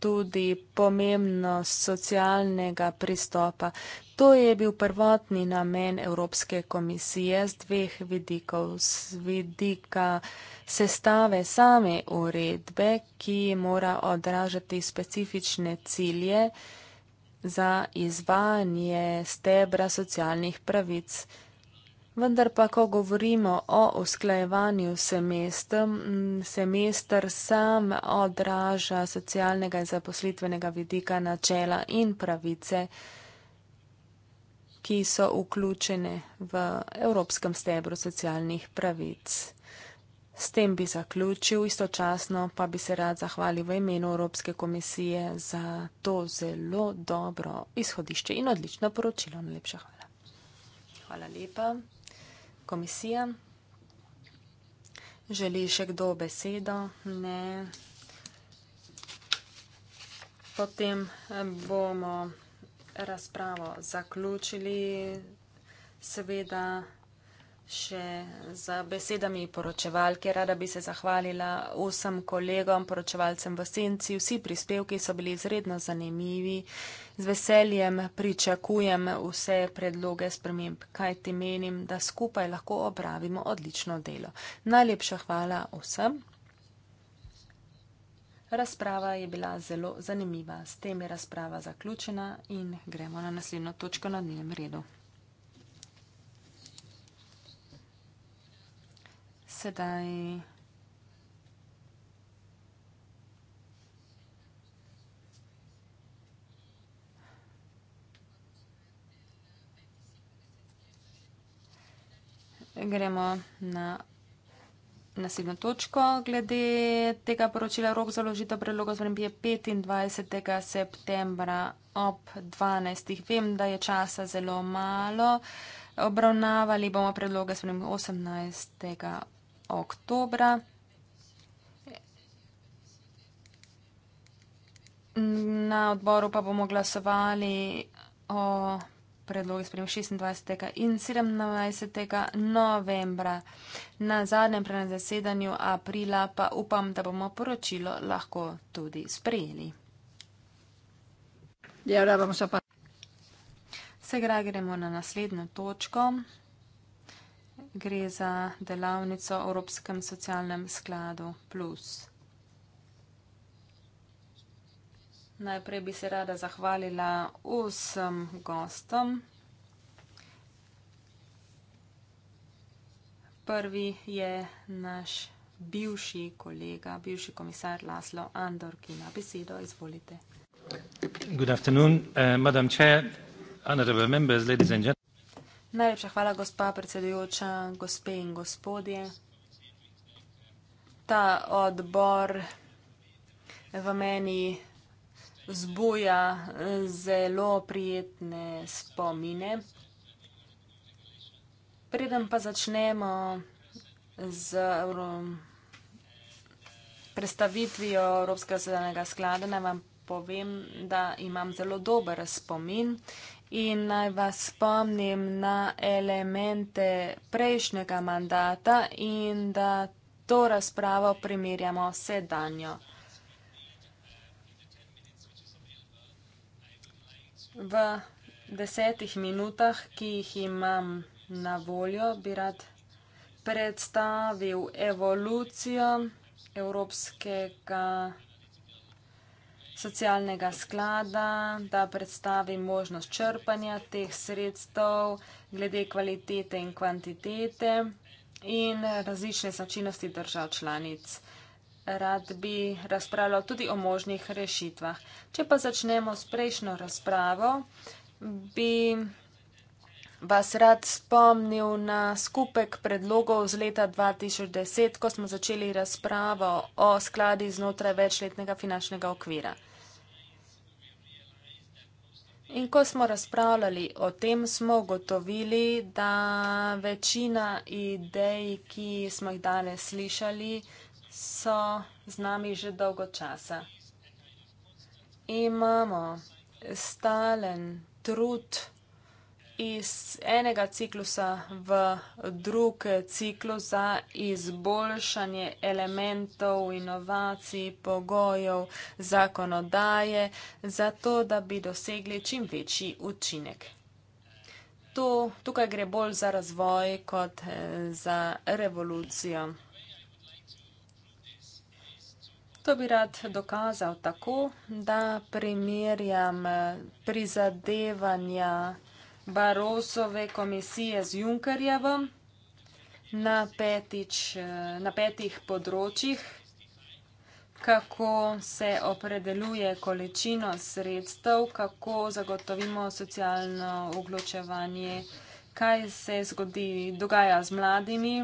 tudi pomembnost socialnega pristopa. To je bil prvotni namen Evropske komisije z dveh vidikov. Z vidika sestave same uredbe, ki mora odražati specifične cilje za izvajanje stebra socialnih pravic. Vendar pa, ko govorimo o usklajevanju semestr, semestr sam odraža socialnega in zaposlitvenega vidika načela in pravice, ki so vključene v Evropskem stebru socialnih pravic. S tem bi zaključil, istočasno pa bi se rad zahvalil v imenu Evropske komisije za to zelo dobro izhodišče in odlično poročilo. Najlepša hvala. Hvala lepa komisije. Želi še kdo besedo? Ne. Potem eh, bomo razpravo zaključili. Seveda. Še za besedami poročevalke rada bi se zahvalila vsem kolegom, poročevalcem v senci. Vsi prispevki so bili izredno zanimivi. Z veseljem pričakujem vse predloge sprememb, kaj ti menim, da skupaj lahko opravimo odlično delo. Najlepša hvala vsem. Razprava je bila zelo zanimiva. S tem je razprava zaključena in gremo na naslednjo točko na dnevnem redu. sedaj. Gremo na naslednjo točko glede tega poročila. Rok za ložitev predloga z vrembije 25. septembra ob 12. Vem, da je časa zelo malo. Obravnavali bomo predloga s vrembije 18 oktobra. Na odboru pa bomo glasovali o predlogi sprem 26. in 27. novembra. Na zadnjem prenem zasedanju aprila pa upam, da bomo poročilo lahko tudi sprejeli. Ja, da bomo se pa. Segra gremo na naslednjo točko gre za delavnico o Evropskem socialnem skladu plus. Najprej bi se rada zahvalila vsem gostom. Prvi je naš bivši kolega, bivši komisar Laslo Andor, ki ima besedo. Izvolite. Good afternoon, uh, Madam Chair, honorable members, ladies and gentlemen. Najlepša hvala, gospa predsedujoča, gospe in gospodje. Ta odbor v meni zbuja zelo prijetne spomine. Preden pa začnemo z predstavitvijo Evropskega zelenega sklada, naj vam povem, da imam zelo dober spomin In naj vas spomnim na elemente prejšnjega mandata in da to razpravo primerjamo sedanjo. V desetih minutah, ki jih imam na voljo, bi rad predstavil evolucijo evropskega vsega socialnega sklada, da predstavi možnost črpanja teh sredstev glede kvalitete in kvantitete in različne značinosti držav članic. Rad bi razpravljal tudi o možnih rešitvah. Če pa začnemo s prejšnjo razpravo, bi razpravljal, vas rad spomnil na skupek predlogov z leta 2010, ko smo začeli razpravo o skladi znotraj večletnega finančnega okvira. In ko smo razpravljali o tem, smo gotovili, da večina idej, ki smo jih danes slišali, so z nami že dolgo časa. Imamo stalen trud, iz enega ciklusa v drug ciklus za izboljšanje elementov, inovacij, pogojev, zakonodaje, zato da bi dosegli čim večji učinek. To, tukaj gre bolj za razvoj kot eh, za revolucijo. To bi rad dokazal tako, da primerjam eh, prizadevanja Barosove komisije z Junkerjevom na, petič, eh, na petih področjih, kako se opredeluje količino sredstev, kako zagotovimo socialno vključevanje, kaj se zgodi, dogaja z mladimi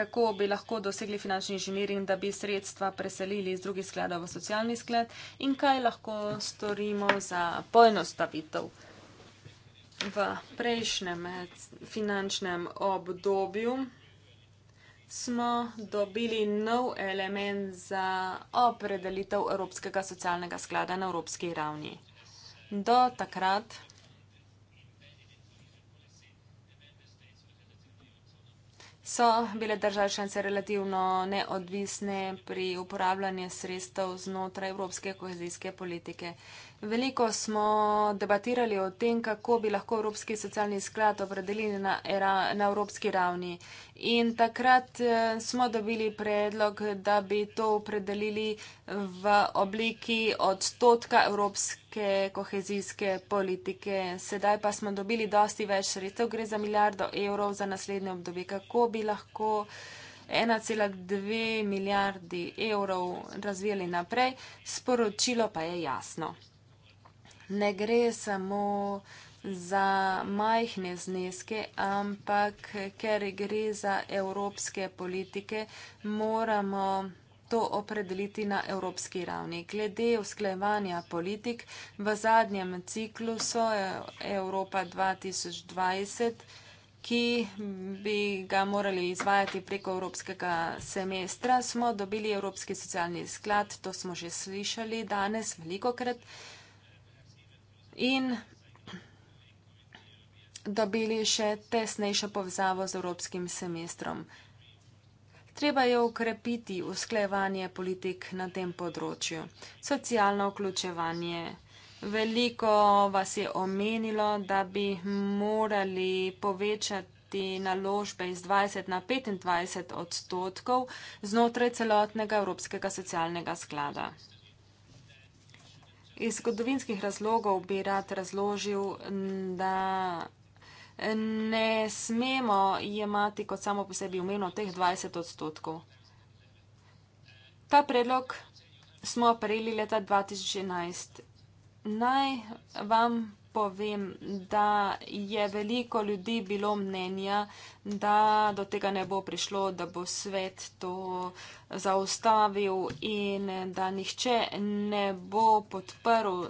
kako bi lahko dosegli finančni inženiring, da bi sredstva preselili iz drugih skladov v socialni sklad in kaj lahko storimo za poenostavitev v prejšnjem eh, finančnem obdobju. Smo dobili nov element za opredelitev Evropskega socialnega sklada na evropski ravni. Do takrat so bile države članice relativno neodvisne pri uporabljanju sredstev znotraj evropske kohezijske politike. Veliko smo debatirali o tem, kako bi lahko Evropski socialni sklad opredelili na, na evropski ravni. In takrat eh, smo dobili predlog, da bi to opredelili v obliki odstotka evropske kohezijske politike. Sedaj pa smo dobili dosti več sredstev, gre za milijardo evrov za naslednje obdobje. Kako bi lahko 1,2 milijardi evrov razvijali naprej? Sporočilo pa je jasno ne gre samo za majhne zneske, ampak ker gre za evropske politike, moramo to opredeliti na evropski ravni. Glede usklajevanja politik, v zadnjem ciklu so Evropa 2020, ki bi ga morali izvajati preko evropskega semestra, smo dobili Evropski socialni sklad, to smo že slišali danes veliko krat, in dobili še tesnejšo povzavo z evropskim semestrom. Treba je ukrepiti usklejevanje politik na tem področju. Socialno vključevanje. Veliko vas je omenilo, da bi morali povečati naložbe iz 20 na 25 odstotkov znotraj celotnega Evropskega socialnega sklada. Iz zgodovinskih razlogov bi rad razložil, da ne smemo jemati kot samo po sebi umeno teh 20 odstotkov. Ta predlog smo prijeli leta 2011. Naj vam povem, da je veliko ljudi bilo mnenja, da do tega ne bo prišlo, da bo svet to zaustavil in da nihče ne bo podprl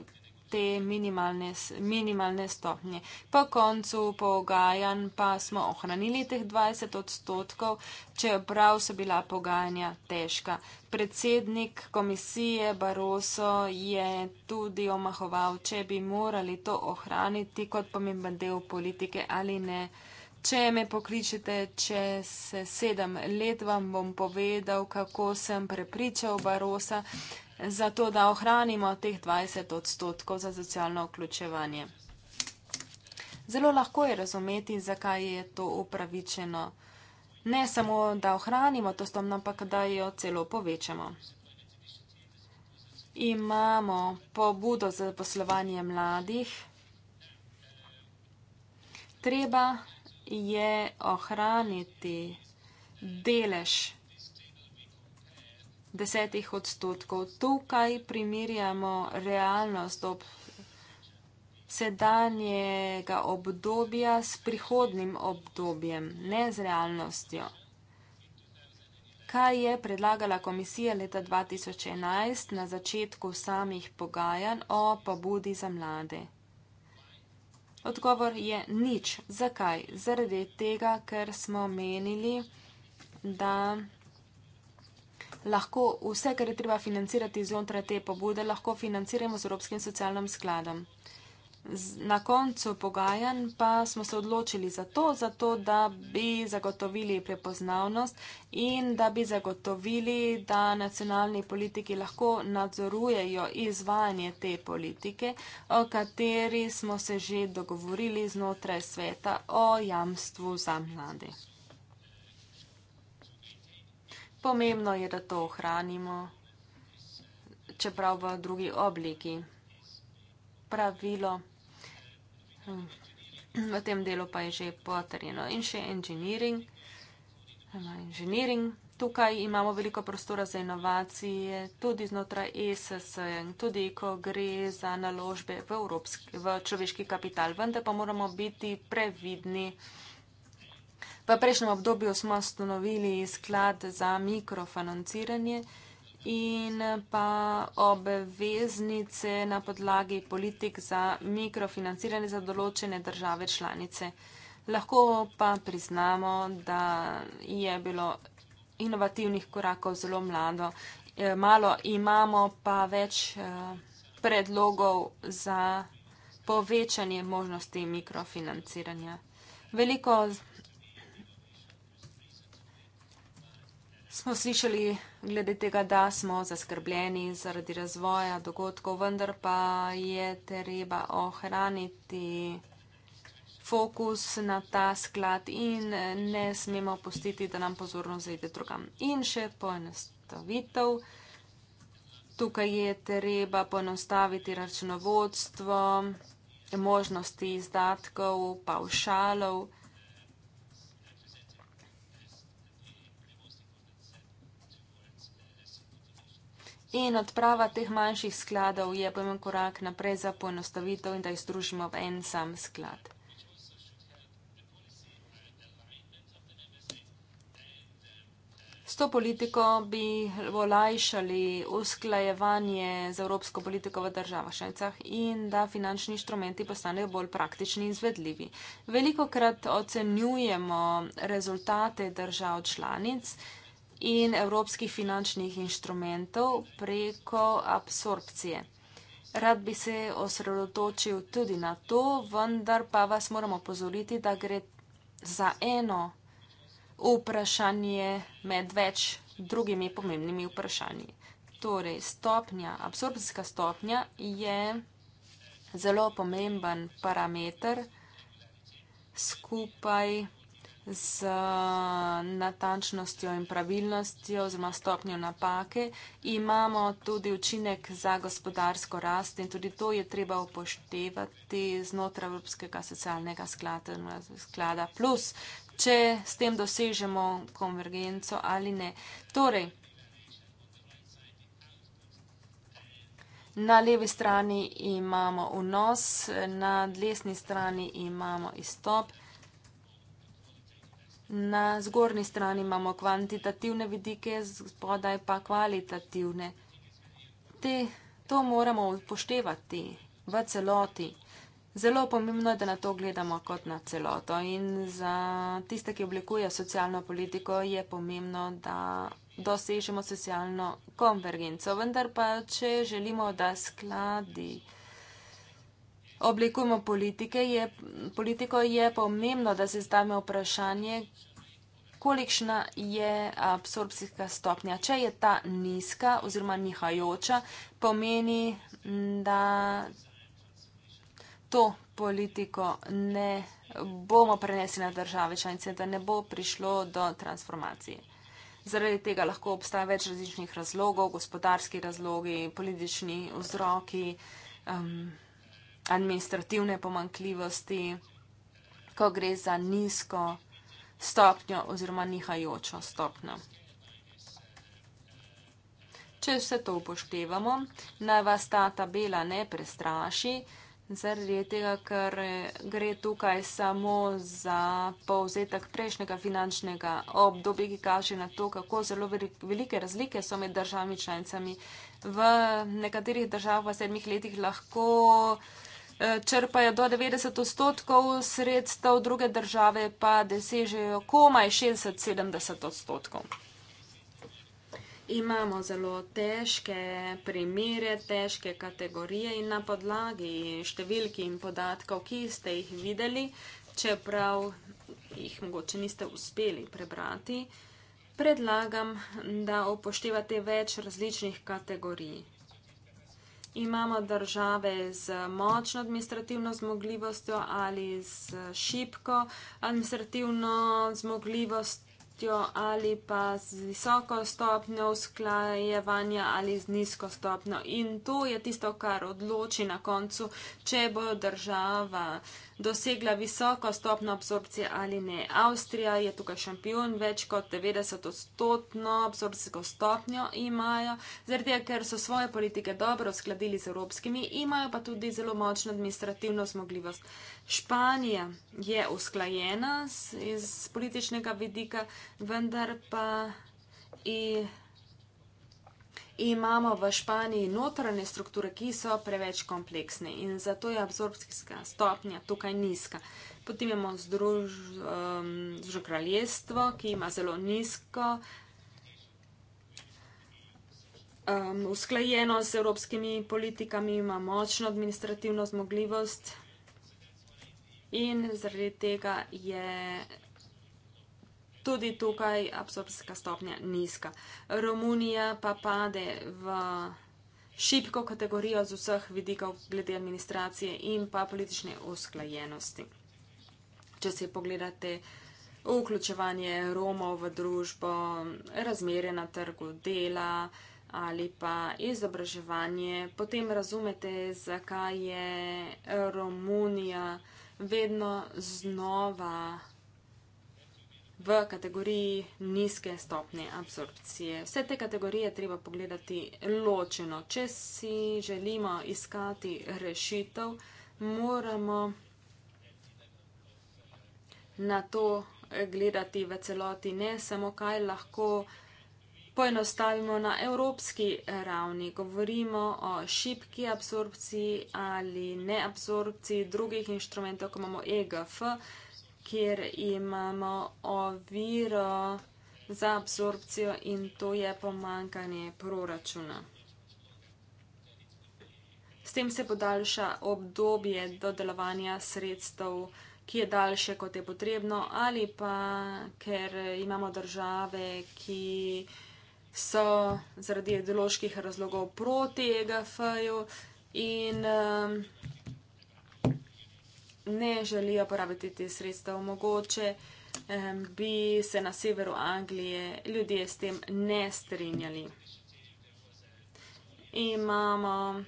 te minimalne, minimalne stopnje. Po koncu pogajanj pa smo ohranili teh 20 odstotkov, čeprav so bila pogajanja težka. Predsednik komisije Baroso je tudi omahoval, če bi morali to ohraniti kot pomemben del politike ali ne. Če me pokličete, če se sedem let vam bom povedal, kako sem prepričal Barosa, za to, da ohranimo teh 20 odstotkov za socialno vključevanje. Zelo lahko je razumeti, zakaj je to upravičeno. Ne samo, da ohranimo to stopno, ampak da jo celo povečamo. Imamo pobudo za poslovanje mladih. Treba je ohraniti delež desetih odstotkov. Tukaj primerjamo realnost ob sedanjega obdobja s prihodnim obdobjem, ne z realnostjo. Kaj je predlagala komisija leta 2011 na začetku samih pogajanj o pobudi za mlade? Odgovor je nič. Zakaj? Zaradi tega, ker smo menili, da lahko vse, kar je treba financirati zontraj te pobude, lahko financiramo z Evropskim socialnim skladom. Na koncu pogajanj pa smo se odločili za to, zato da bi zagotovili prepoznavnost in da bi zagotovili, da nacionalni politiki lahko nadzorujejo izvajanje te politike, o kateri smo se že dogovorili znotraj sveta o jamstvu za mlade. Pomembno je, da to ohranimo, čeprav v drugi obliki. Pravilo v tem delu pa je že potrjeno. In še inženiring. Inženiring. Tukaj imamo veliko prostora za inovacije, tudi znotraj ESS, tudi ko gre za naložbe v, Evropski, v človeški kapital, vendar pa moramo biti previdni. V prejšnjem obdobju smo ustanovili sklad za mikrofinanciranje in pa obveznice na podlagi politik za mikrofinanciranje za določene države članice. Lahko pa priznamo, da je bilo inovativnih korakov zelo mlado. E, malo imamo pa več e, predlogov za povečanje možnosti mikrofinanciranja. Veliko smo slišali glede tega, da smo zaskrbljeni zaradi razvoja dogodkov, vendar pa je treba ohraniti fokus na ta sklad in ne smemo pustiti, da nam pozornost zaide drugam. In še poenostavitev. Tukaj je treba poenostaviti računovodstvo, možnosti izdatkov, pa všalov. In odprava teh manjših skladov je pomemben korak naprej za poenostavitev in da jih združimo v en sam sklad. S to politiko bi olajšali usklajevanje z evropsko politiko v državah šencah in da finančni inštrumenti postanejo bolj praktični in zvedljivi. Veliko krat ocenjujemo rezultate držav članic in in evropskih finančnih inštrumentov preko absorpcije. Rad bi se osredotočil tudi na to, vendar pa vas moramo pozoriti, da gre za eno vprašanje med več drugimi pomembnimi vprašanji. Torej, stopnja, absorpcijska stopnja je zelo pomemben parameter skupaj z eh, natančnostjo in pravilnostjo oziroma stopnjo napake. Imamo tudi učinek za gospodarsko rast in tudi to je treba upoštevati znotraj Evropskega socialnega sklada, sklada plus, če s tem dosežemo konvergenco ali ne. Torej, Na levi strani imamo vnos, na desni strani imamo izstop. Na zgornji strani imamo kvantitativne vidike, spodaj pa kvalitativne. Te, to moramo upoštevati v celoti. Zelo pomembno je, da na to gledamo kot na celoto in za tiste, ki oblikuje socialno politiko, je pomembno, da dosežemo socialno konvergenco. Vendar pa, če želimo, da skladi oblikujemo politike, je, politiko, je pomembno, da se zdame vprašanje, kolikšna je absorpcijska stopnja. Če je ta nizka oziroma nihajoča, pomeni, da to politiko ne bomo prenesli na države članice, da ne bo prišlo do transformacije. Zaradi tega lahko obstaja več različnih razlogov, gospodarski razlogi, politični vzroki. Um, administrativne pomankljivosti, ko gre za nizko stopnjo oziroma nihajočo stopnjo. Če vse to upoštevamo, naj vas ta tabela ne prestraši, zaradi tega, ker gre tukaj samo za povzetek prejšnjega finančnega obdobja, ki kaže na to, kako zelo velike razlike so med državami članicami. V nekaterih državah v sedmih letih lahko črpajo do 90 odstotkov sredstev, druge države pa dosežejo komaj 60-70 odstotkov. Imamo zelo težke primere, težke kategorije in na podlagi številk in podatkov, ki ste jih videli, čeprav jih mogoče niste uspeli prebrati, predlagam, da upoštevate več različnih kategorij imamo države z močno administrativno zmogljivostjo ali z šipko administrativno zmogljivostjo hitrostjo ali pa z visoko stopnjo usklajevanja ali z nizko stopnjo. In to je tisto, kar odloči na koncu, če bo država dosegla visoko stopnjo absorpcije ali ne. Avstrija je tukaj šampion, več kot 90 odstotno absorpcijsko stopnjo imajo, zaradi tega, ker so svoje politike dobro uskladili z evropskimi, imajo pa tudi zelo močno administrativno zmogljivost. Španija je usklajena z, iz političnega vidika, vendar pa i, imamo v Španiji notranje strukture, ki so preveč kompleksne in zato je absorpcijska stopnja tukaj nizka. Potem imamo združkraljestvo, um, ki ima zelo nizko um, usklajeno z evropskimi politikami, ima močno administrativno zmogljivost. In zaradi tega je tudi tukaj absorpcijska stopnja nizka. Romunija pa pade v šipko kategorijo z vseh vidikov glede administracije in pa politične usklajenosti. Če si pogledate vključevanje Romov v družbo, razmere na trgu dela ali pa izobraževanje, potem razumete, zakaj je Romunija vedno znova v kategoriji nizke stopne absorpcije. Vse te kategorije treba pogledati ločeno. Če si želimo iskati rešitev, moramo na to gledati v celoti, ne samo kaj lahko poenostavimo na evropski eh, ravni, govorimo o šipki absorpciji ali neabsorpciji drugih inštrumentov, ko imamo EGF, kjer imamo oviro za absorpcijo in to je pomankanje proračuna. S tem se podaljša obdobje dodelovanja sredstev, ki je daljše, kot je potrebno, ali pa, ker imamo države, ki imamo so zaradi ideoloških razlogov proti EGF-ju in um, ne želijo porabiti te sredstev. Mogoče um, bi se na severu Anglije ljudje s tem ne strinjali. Imamo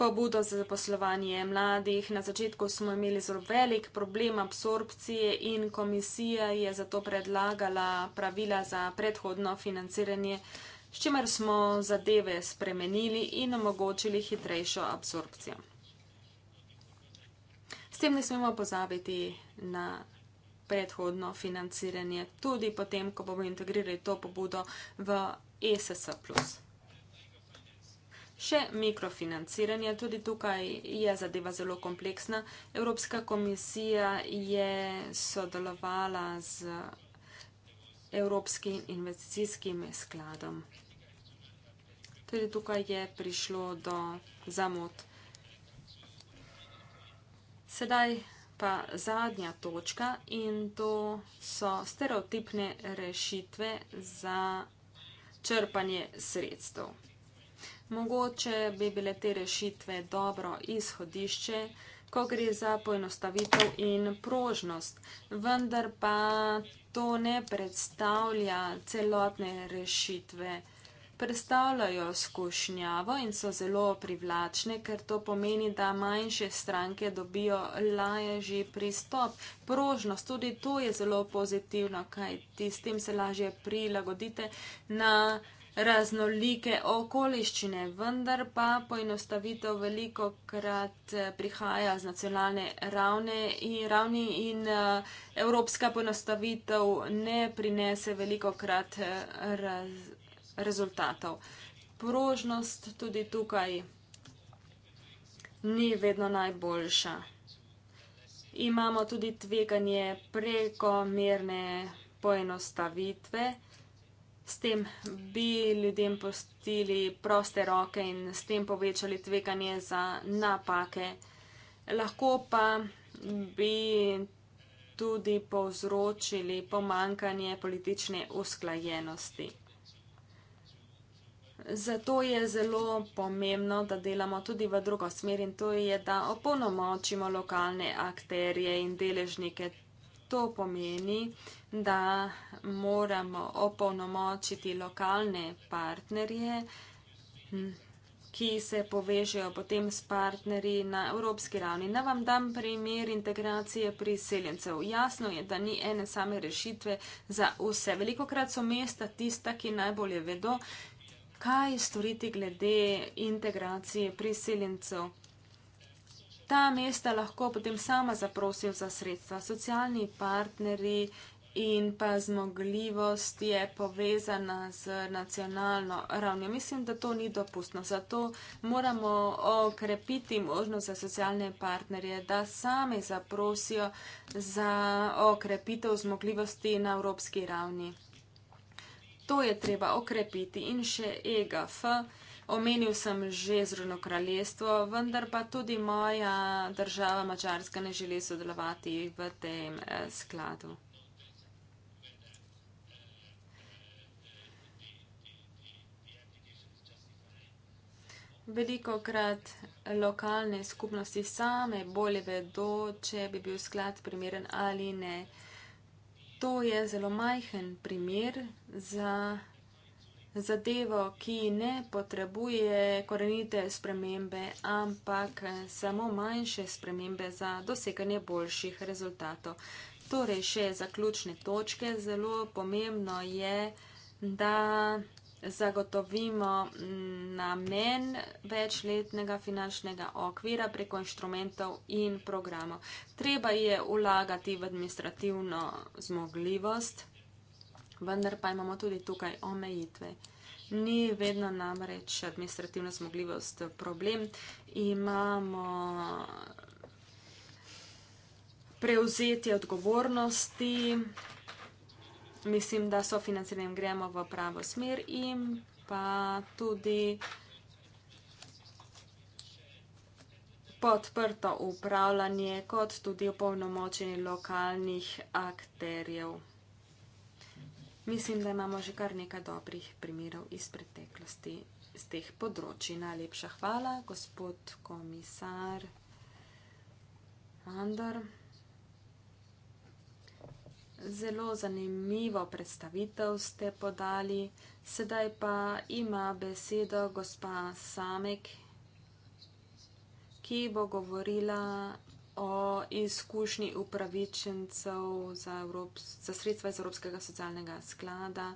pobudo za zaposlovanje mladih. Na začetku smo imeli zelo velik problem absorpcije in komisija je zato predlagala pravila za predhodno financiranje, s čimer smo zadeve spremenili in omogočili hitrejšo absorpcijo. S tem ne smemo pozabiti na predhodno financiranje, tudi potem, ko bomo integrirali to pobudo v ESS. Še mikrofinanciranje, tudi tukaj je zadeva zelo kompleksna. Evropska komisija je sodelovala z Evropskim investicijskim skladom. Tudi tukaj je prišlo do zamot. Sedaj pa zadnja točka in to so stereotipne rešitve za črpanje sredstev. Mogoče bi bile te rešitve dobro izhodišče, ko gre za poenostavitev in prožnost, vendar pa to ne predstavlja celotne rešitve. Predstavljajo skušnjavo in so zelo privlačne, ker to pomeni, da manjše stranke dobijo lažji pristop. Prožnost tudi to je zelo pozitivno, kaj ti s tem se lažje prilagodite na raznolike okoliščine, vendar pa poenostavitev veliko krat eh, prihaja z nacionalne ravne in ravni in eh, evropska poenostavitev ne prinese veliko krat eh, raz, rezultatov. Prožnost tudi tukaj ni vedno najboljša. Imamo tudi tveganje prekomerne poenostavitve. S tem bi ljudem postili proste roke in s tem povečali tveganje za napake. Lahko pa bi tudi povzročili pomankanje politične usklajenosti. Zato je zelo pomembno, da delamo tudi v drugo smer in to je, da opolnomočimo lokalne akterje in deležnike To pomeni, da moramo opolnomočiti lokalne partnerje, hm, ki se povežejo potem s partnerji na evropski ravni. Na vam dam primer integracije priseljencev. Jasno je, da ni ene same rešitve za vse. Veliko krat so mesta tista, ki najbolje vedo, kaj storiti glede integracije priseljencev ta mesta lahko potem sama zaprosijo za sredstva. Socialni partneri in pa zmogljivost je povezana z nacionalno ravnjo. Mislim, da to ni dopustno. Zato moramo okrepiti možnost za socialne partnerje, da sami zaprosijo za okrepitev zmogljivosti na evropski ravni. To je treba okrepiti in še EGF. Omenil sem že Združeno kraljestvo, vendar pa tudi moja država Mačarska ne želi sodelovati v tem eh, skladu. Veliko krat lokalne skupnosti same bolje vedo, če bi bil sklad primeren ali ne. To je zelo majhen primer za zadevo, ki ne potrebuje korenite spremembe, ampak samo manjše spremembe za doseganje boljših rezultatov. Torej, še zaključne točke. Zelo pomembno je, da zagotovimo mm, namen večletnega finančnega okvira preko inštrumentov in programov. Treba je ulagati v administrativno zmogljivost vendar pa imamo tudi tukaj omejitve. Ni vedno namreč administrativna zmogljivost problem. Imamo prevzetje odgovornosti, mislim, da so financiranjem gremo v pravo smer in pa tudi podprto upravljanje, kot tudi upolnomočenje lokalnih akterjev. Mislim, da imamo že kar nekaj dobrih primerov iz preteklosti z teh področji. Najlepša hvala, gospod komisar Mandar. Zelo zanimivo predstavitev ste podali. Sedaj pa ima besedo gospa Samek, ki bo govorila o izkušnji upravičencev za, Evrops za sredstva iz Evropskega socialnega sklada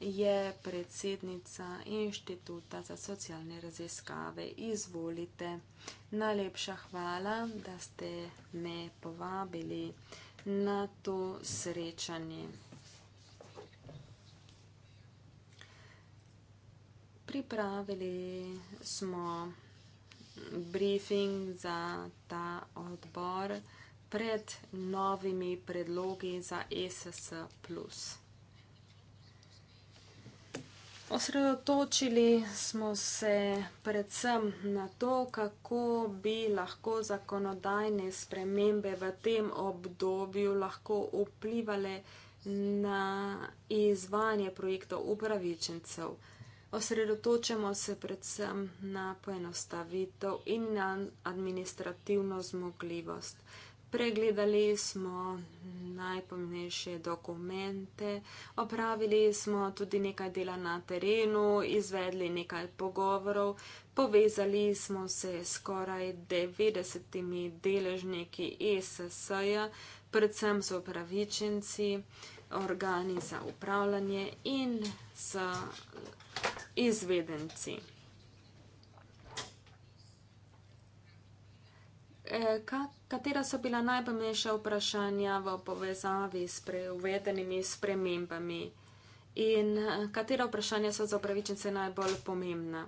je predsednica Inštituta za socialne raziskave. Izvolite. Najlepša hvala, da ste me povabili na to srečanje. Pripravili smo briefing za ta odbor pred novimi predlogi za ESS. Osredotočili smo se predvsem na to, kako bi lahko zakonodajne spremembe v tem obdobju lahko vplivale na izvanje projektov upravičencev. Osredotočamo se predvsem na poenostavitev in na administrativno zmogljivost. Pregledali smo najpomembnejše dokumente, opravili smo tudi nekaj dela na terenu, izvedli nekaj pogovorov, povezali smo se skoraj 90 deležniki ESS-ja, predvsem z upravičenci, organi za upravljanje in z izvedenci. E, katera so bila najpomembnejša vprašanja v povezavi s preuvedenimi spremembami in e, katera vprašanja so za upravičence najbolj pomembna?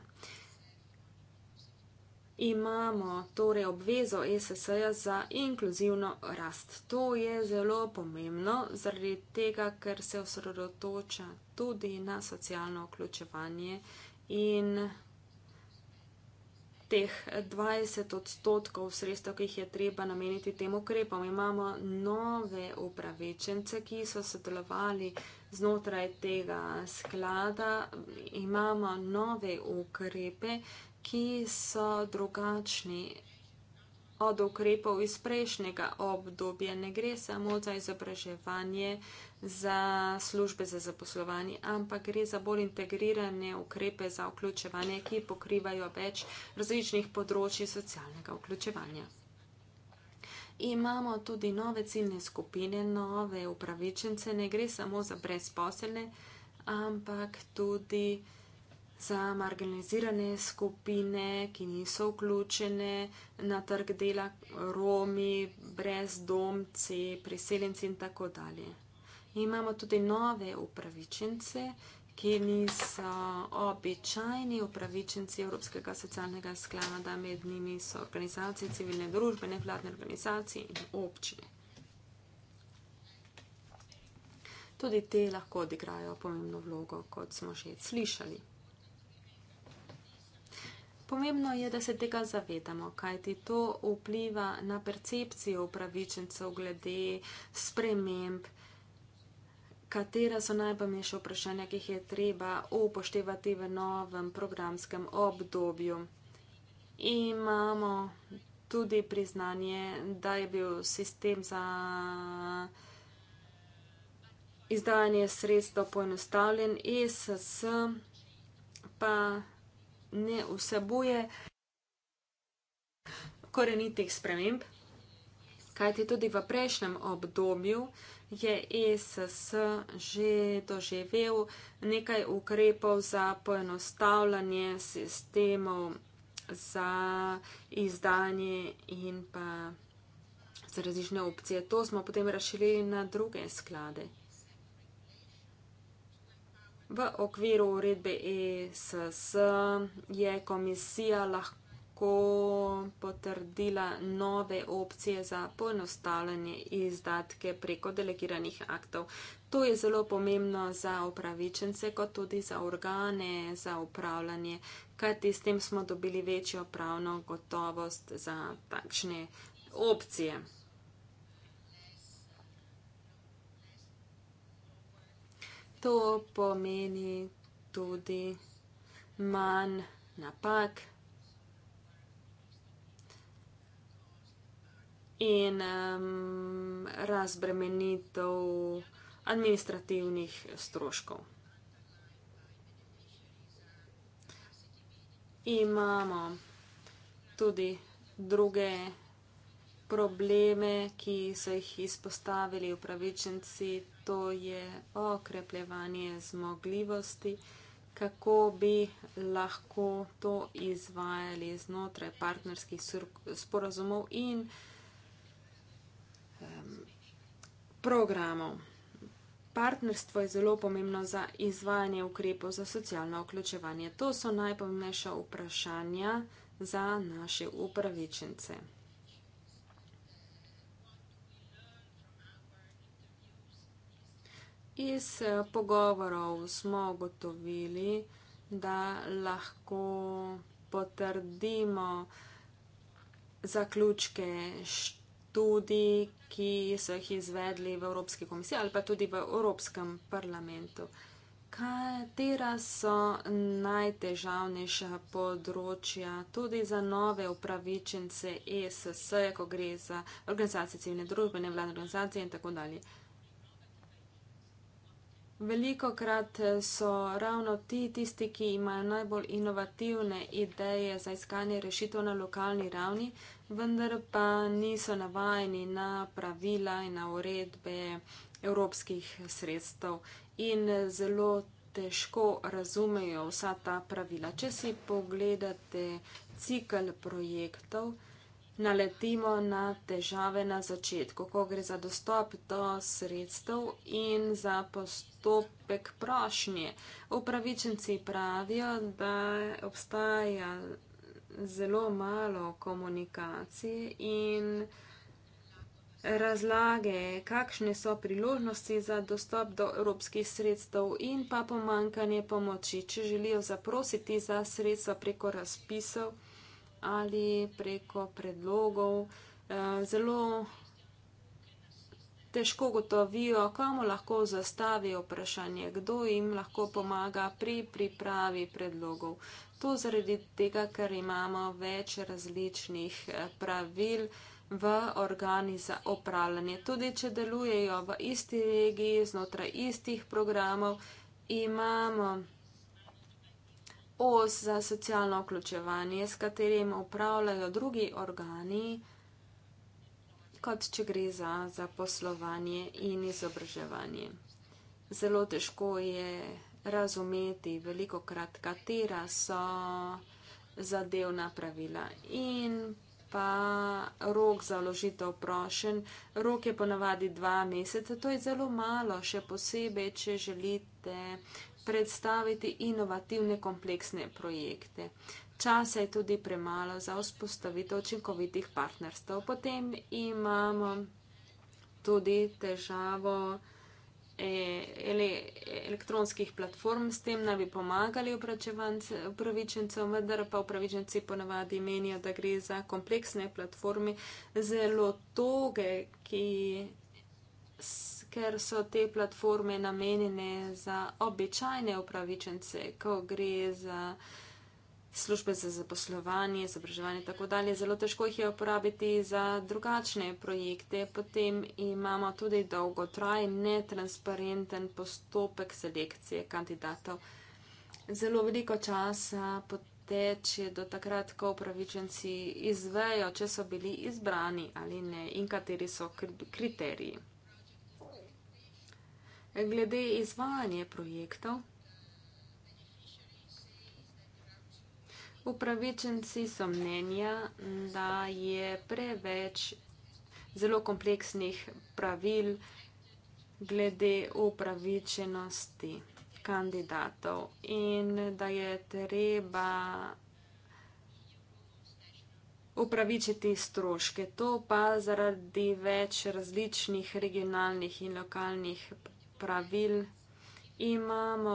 imamo torej obvezo SSE za inkluzivno rast. To je zelo pomembno, zaradi tega, ker se osredotoča tudi na socialno vključevanje in teh 20 odstotkov sredstev, ki jih je treba nameniti tem ukrepom. Imamo nove upravičence, ki so sodelovali znotraj tega sklada, imamo nove ukrepe, ki so drugačni od ukrepov iz prejšnjega obdobja. Ne gre samo za izobraževanje, za službe za zaposlovanje, ampak gre za bolj integrirane ukrepe za vključevanje, ki pokrivajo več različnih področji socialnega vključevanja. Imamo tudi nove ciljne skupine, nove upravičence, ne gre samo za brezposelne, ampak tudi za za marginalizirane skupine, ki niso vključene na trg dela, Romi, brezdomci, priseljenci in tako dalje. Imamo tudi nove upravičence, ki niso običajni upravičenci Evropskega socialnega sklada, med njimi so organizacije civilne družbe, nevladne organizacije in občine. Tudi te lahko odigrajo pomembno vlogo, kot smo že slišali. Pomembno je, da se tega zavedamo, kajti to vpliva na percepcijo upravičencev glede sprememb, katera so najpomembnejša vprašanja, ki jih je treba upoštevati v novem programskem obdobju. Imamo tudi priznanje, da je bil sistem za izdajanje sredstva poenostavljen, ISS e pa ne vsebuje korenitih sprememb, kajti tudi v prejšnjem obdobju je ESS že doživel nekaj ukrepov za poenostavljanje sistemov za izdanje in pa za različne opcije. To smo potem razširili na druge sklade. V okviru uredbe ESS je komisija lahko potrdila nove opcije za poenostavljanje izdatke preko delegiranih aktov. To je zelo pomembno za upravičence, kot tudi za organe za upravljanje, kajti s tem smo dobili večjo pravno gotovost za takšne opcije. to pomeni tudi manj napak. In um, razbremenitev administrativnih stroškov. Imamo tudi druge probleme, ki so jih izpostavili upravičenci, to je okrepljevanje zmogljivosti, kako bi lahko to izvajali znotraj partnerskih sporozumov in um, programov. Partnerstvo je zelo pomembno za izvajanje ukrepov za socialno vključevanje. To so najpomembnejša vprašanja za naše upravičence. Iz eh, pogovorov smo ugotovili, da lahko potrdimo zaključke študij, ki so jih izvedli v Evropski komisiji ali pa tudi v Evropskem parlamentu. Katera so najtežavnejša področja tudi za nove upravičence ESS, ko gre za organizacije civilne družbe, nevladne organizacije in tako dalje? Veliko krat eh, so ravno ti tisti, ki imajo najbolj inovativne ideje za iskanje rešitev na lokalni ravni, vendar pa niso navajeni na pravila in na uredbe evropskih sredstev in eh, zelo težko razumejo vsa ta pravila. Če si pogledate cikl projektov, naletimo na težave na začetku, ko gre za dostop do sredstev in za postopek prošnje. Upravičenci pravijo, da obstaja zelo malo komunikacije in razlage, kakšne so priložnosti za dostop do evropskih sredstev in pa pomankanje pomoči, če želijo zaprositi za sredstva preko razpisov ali preko predlogov. Eh, zelo težko gotovijo, komu lahko zastavijo vprašanje, kdo jim lahko pomaga pri pripravi predlogov. To zaradi tega, ker imamo več različnih eh, pravil v organi za opravljanje. Tudi, če delujejo v isti regiji, znotraj istih programov, imamo os za socialno vključevanje, s katerim upravljajo drugi organi, kot če gre za zaposlovanje in izobraževanje. Zelo težko je razumeti veliko krat, katera so zadevna pravila in pa rok za ložitev prošen. Rok je ponavadi dva meseca, to je zelo malo, še posebej, če želite predstaviti inovativne kompleksne projekte. Časa je tudi premalo za vzpostavitev učinkovitih partnerstv. Potem imamo tudi težavo e, elektronskih platform, s tem naj bi pomagali upravičencem, vendar pa upravičenci ponavadi menijo, da gre za kompleksne platforme, zelo toge, ki so ker so te platforme namenjene za običajne upravičence, ko gre za službe za zaposlovanje, izobraževanje in tako dalje. Zelo težko jih je uporabiti za drugačne projekte. Potem imamo tudi dolgotraj, netransparenten postopek selekcije kandidatov. Zelo veliko časa poteče do takrat, ko upravičenci izvejo, če so bili izbrani ali ne in kateri so kriteriji glede izvajanja projektov. Upravičenci so mnenja, da je preveč zelo kompleksnih pravil glede upravičenosti kandidatov in da je treba upravičiti stroške. To pa zaradi več različnih regionalnih in lokalnih pravil, imamo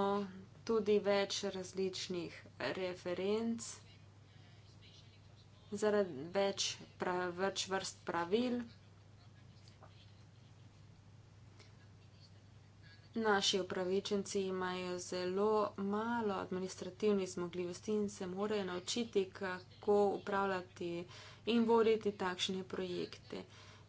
tudi več različnih referenc, zaradi več, pra, več vrst pravil. Naši upravičenci imajo zelo malo administrativnih zmogljivosti in se morajo naučiti, kako upravljati in voditi takšne projekte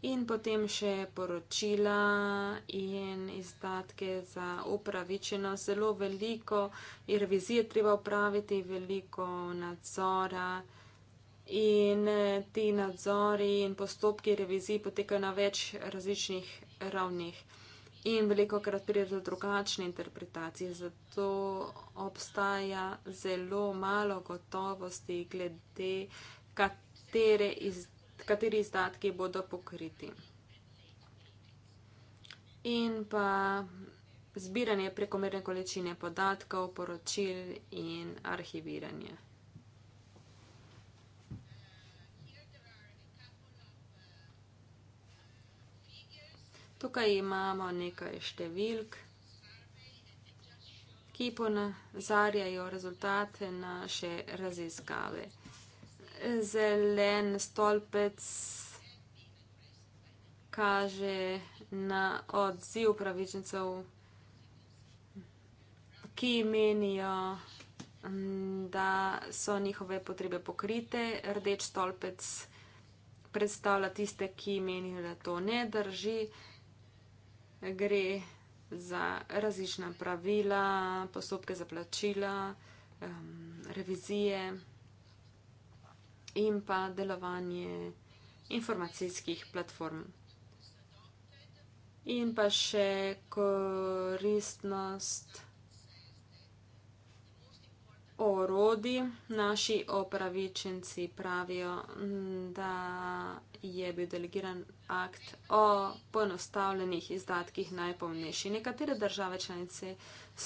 in potem še poročila in izdatke za upravičeno. Zelo veliko je revizije treba upraviti, veliko nadzora in ti nadzori in postopki revizij potekajo na več različnih ravnih. In veliko krat pride do drugačne interpretacije, zato obstaja zelo malo gotovosti glede katere izdatke kateri izdatki bodo pokriti. In pa zbiranje prekomerne količine podatkov, poročil in arhiviranje. Tukaj imamo nekaj številk, ki ponazarjajo rezultate naše raziskave zelen stolpec kaže na odziv pravičencev, ki menijo, da so njihove potrebe pokrite. Rdeč stolpec predstavlja tiste, ki menijo, da to ne drži. Gre za različna pravila, postopke za plačila, revizije in pa delovanje informacijskih platform. In pa še koristnost orodi. Naši opravičenci pravijo, da je bil delegiran akt o ponostavljenih izdatkih najpomnejši. Nekatere države članice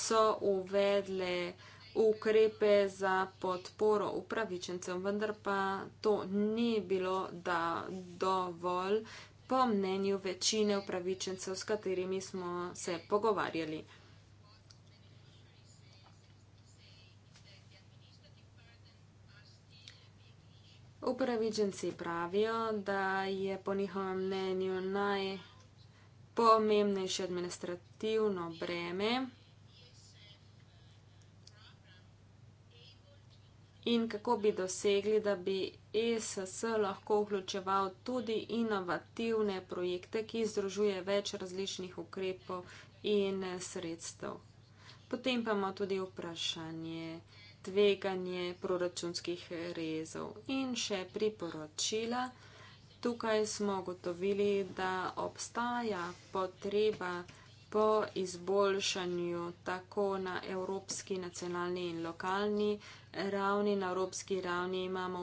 so uvedle vsega, ukrepe za podporo upravičencem, vendar pa to ni bilo da dovolj po mnenju večine upravičencev, s katerimi smo se pogovarjali. Upravičenci pravijo, da je po njihovem mnenju najpomembnejše administrativno breme. in kako bi dosegli, da bi ESS lahko vključeval tudi inovativne projekte, ki združuje več različnih ukrepov in sredstev. Potem pa imamo tudi vprašanje tveganje proračunskih rezov in še priporočila. Tukaj smo gotovili, da obstaja potreba po izboljšanju tako na evropski, nacionalni in lokalni ravni. Na evropski ravni imamo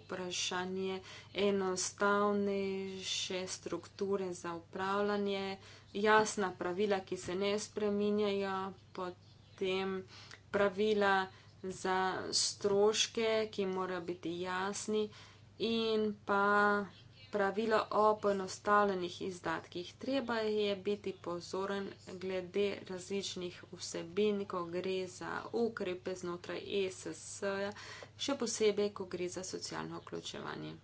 vprašanje enostavnejše strukture za upravljanje, jasna pravila, ki se ne spreminjajo, potem pravila za stroške, ki morajo biti jasni in pa pravilo o poenostavljenih izdatkih. Treba je biti pozoren glede različnih vsebin, ko gre za ukrepe znotraj ESS, še posebej, ko gre za socialno vključevanje.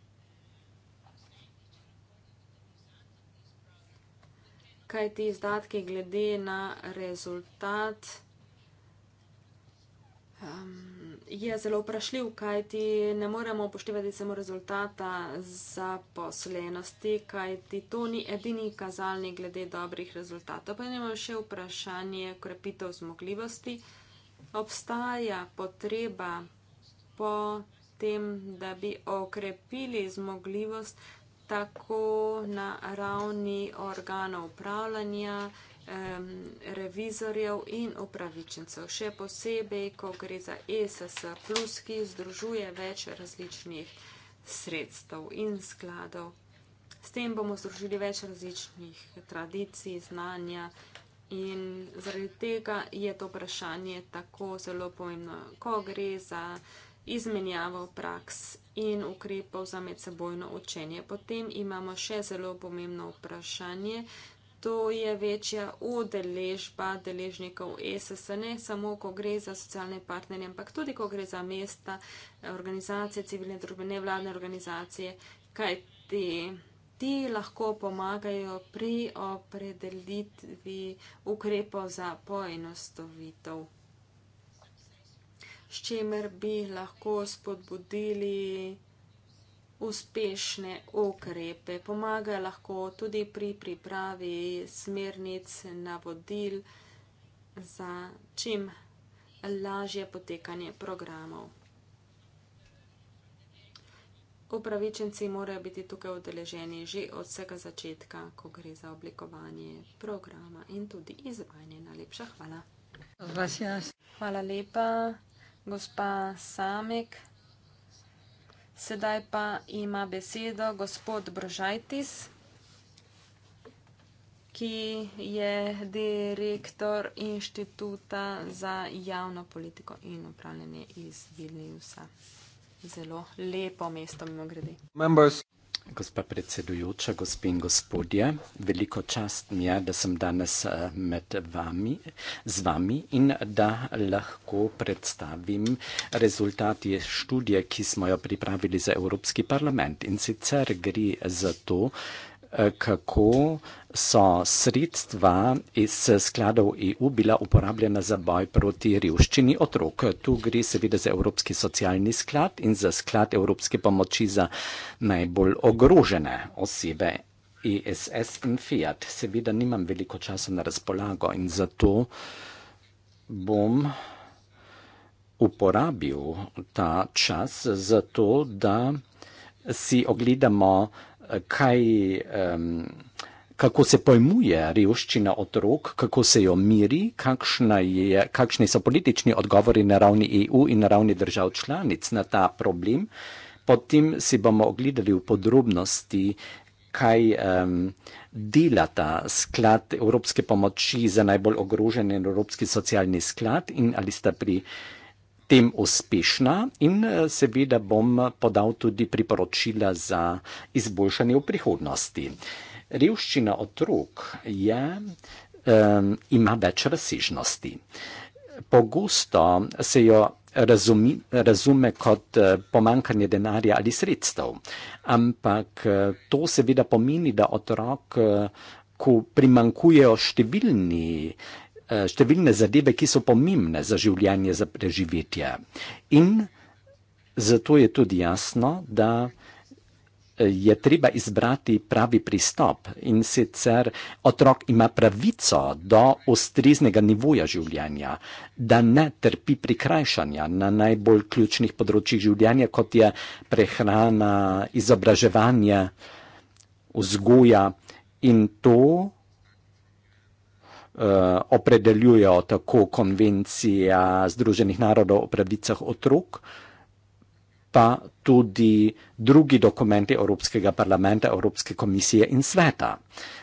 Kaj ti izdatki glede na rezultat? um, je zelo vprašljiv, kajti ne moremo upoštevati samo rezultata zaposlenosti, kajti to ni edini kazalnik glede dobrih rezultatov. Pa imamo še vprašanje krepitev zmogljivosti. Obstaja potreba po tem, da bi okrepili zmogljivost tako na ravni organov upravljanja, um, revizorjev in upravičencev, še posebej, ko gre za ESS, plus, ki združuje več različnih sredstev in skladov. S tem bomo združili več različnih tradicij, znanja in zaradi tega je to vprašanje tako zelo pomembno, ko gre za izmenjavo praks in ukrepov za medsebojno učenje. Potem imamo še zelo pomembno vprašanje, to je večja udeležba deležnikov ESS, ne samo, ko gre za socialne partnerje, ampak tudi, ko gre za mesta, organizacije, civilne družbe, nevladne organizacije, kaj ti, ti lahko pomagajo pri opredelitvi ukrepov za poenostavitev s čimer bi lahko spodbudili uspešne ukrepe, pomaga lahko tudi pri pripravi smernic, navodil za čim lažje potekanje programov. Upravičenci morajo biti tukaj udeleženi že od vsega začetka, ko gre za oblikovanje programa in tudi izvajanje. Najlepša hvala. Hvala lepa, gospa Samek. Sedaj pa ima besedo gospod Brožajtis, ki je direktor inštituta za javno politiko in upravljanje iz Vilniusa. Zelo lepo mesto, mimo grede. Gospa predsedujoča, gospe in gospodje, veliko čast mi je, da sem danes eh, med vami, z vami in da lahko predstavim rezultati študije, ki smo jo pripravili za Evropski parlament. In sicer gre za to, kako so sredstva iz skladov EU bila uporabljena za boj proti revščini otrok. Tu gre seveda za Evropski socialni sklad in za sklad Evropske pomoči za najbolj ogrožene osebe. ESS in Fiat. Seveda nimam veliko časa na razpolago in zato bom uporabil ta čas za to, da si ogledamo kaj, um, kako se pojmuje revščina otrok, kako se jo miri, je, kakšni so politični odgovori na ravni EU in na ravni držav članic na ta problem. Potem si bomo ogledali v podrobnosti, kaj um, delata sklad Evropske pomoči za najbolj ogrožene in Evropski socialni sklad in ali sta pri tem uspešna in eh, seveda bom podal tudi priporočila za izboljšanje v prihodnosti. Revščina otrok je, um, ima več razsežnosti. Pogosto se jo razumi, razume kot eh, pomankanje denarja ali sredstev, ampak eh, to seveda pomeni, da otrok, ko primankujejo številni Eh, številne zadeve, ki so pomembne za življenje, za preživetje. In zato je tudi jasno, da eh, je treba izbrati pravi pristop in sicer otrok ima pravico do ustreznega nivoja življenja, da ne trpi prikrajšanja na najbolj ključnih področjih življenja, kot je prehrana, izobraževanje, vzgoja in to, Eh, opredeljujo tako konvencija Združenih narodov o pravicah otrok, pa tudi drugi dokumenti Evropskega parlamenta, Evropske komisije in sveta.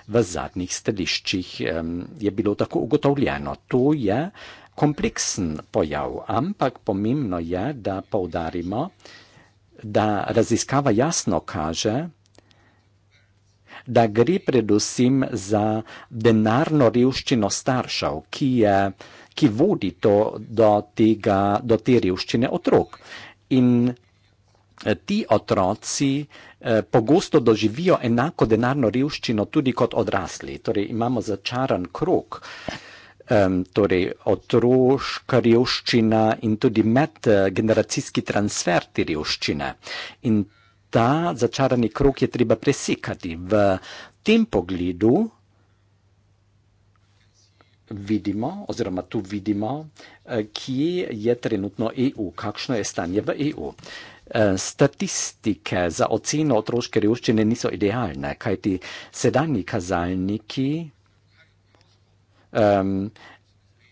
V zadnjih stališčih um, je bilo tako ugotovljeno. To je kompleksen pojav, ampak pomembno je, da poudarimo, da raziskava jasno kaže, da gre predvsem za denarno revščino staršev, ki, je, ki vodi to, do, tega, do te revščine otrok. In eh, ti otroci eh, pogosto doživijo enako denarno revščino tudi kot odrasli. Torej, imamo začaran krok. Torej, otroška revščina in tudi medgeneracijski transfer te revščine. In ta začarani krok je treba presekati. V tem pogledu vidimo, oziroma tu vidimo, eh, kje je trenutno EU, kakšno je stanje v EU. Eh, statistike za oceno otroške revščine niso idealne, kajti sedajni kazalniki. Um,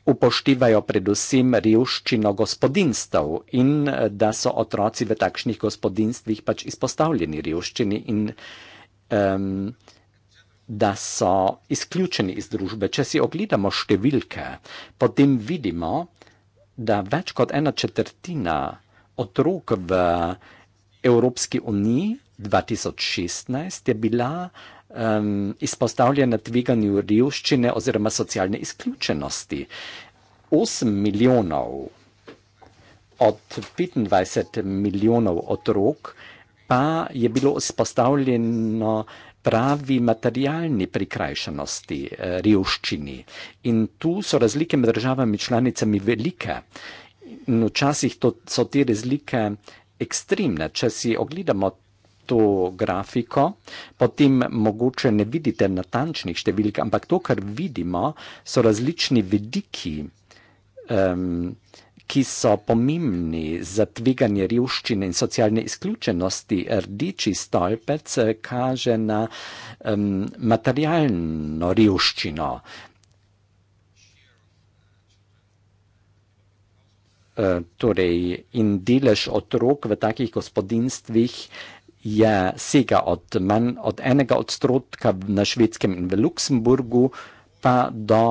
upoštevajo predvsem revščino gospodinstv in da so otroci v takšnih gospodinstvih pač izpostavljeni revščini in um, da so izključeni iz družbe. Če si ogledamo številke, potem vidimo, da več kot ena četrtina otrok v Evropski uniji 2016 je bila um, izpostavljena tveganju revščine oziroma socialne izključenosti. 8 milijonov od 25 milijonov otrok pa je bilo izpostavljeno pravi materialni prikrajšanosti eh, revščini. In tu so razlike med državami članicami velike. In včasih to, so te razlike ekstremne. Če si ogledamo to grafiko, potem mogoče ne vidite natančnih številk, ampak to, kar vidimo, so različni vidiki, um, ki so pomembni za tveganje revščine in socialne izključenosti. Rdeči stolpec eh, kaže na um, materialno revščino. Eh, torej, in delež otrok v takih gospodinstvih uh, je sega od meni, od enega odstotka na švedskem in v Luksemburgu, pa do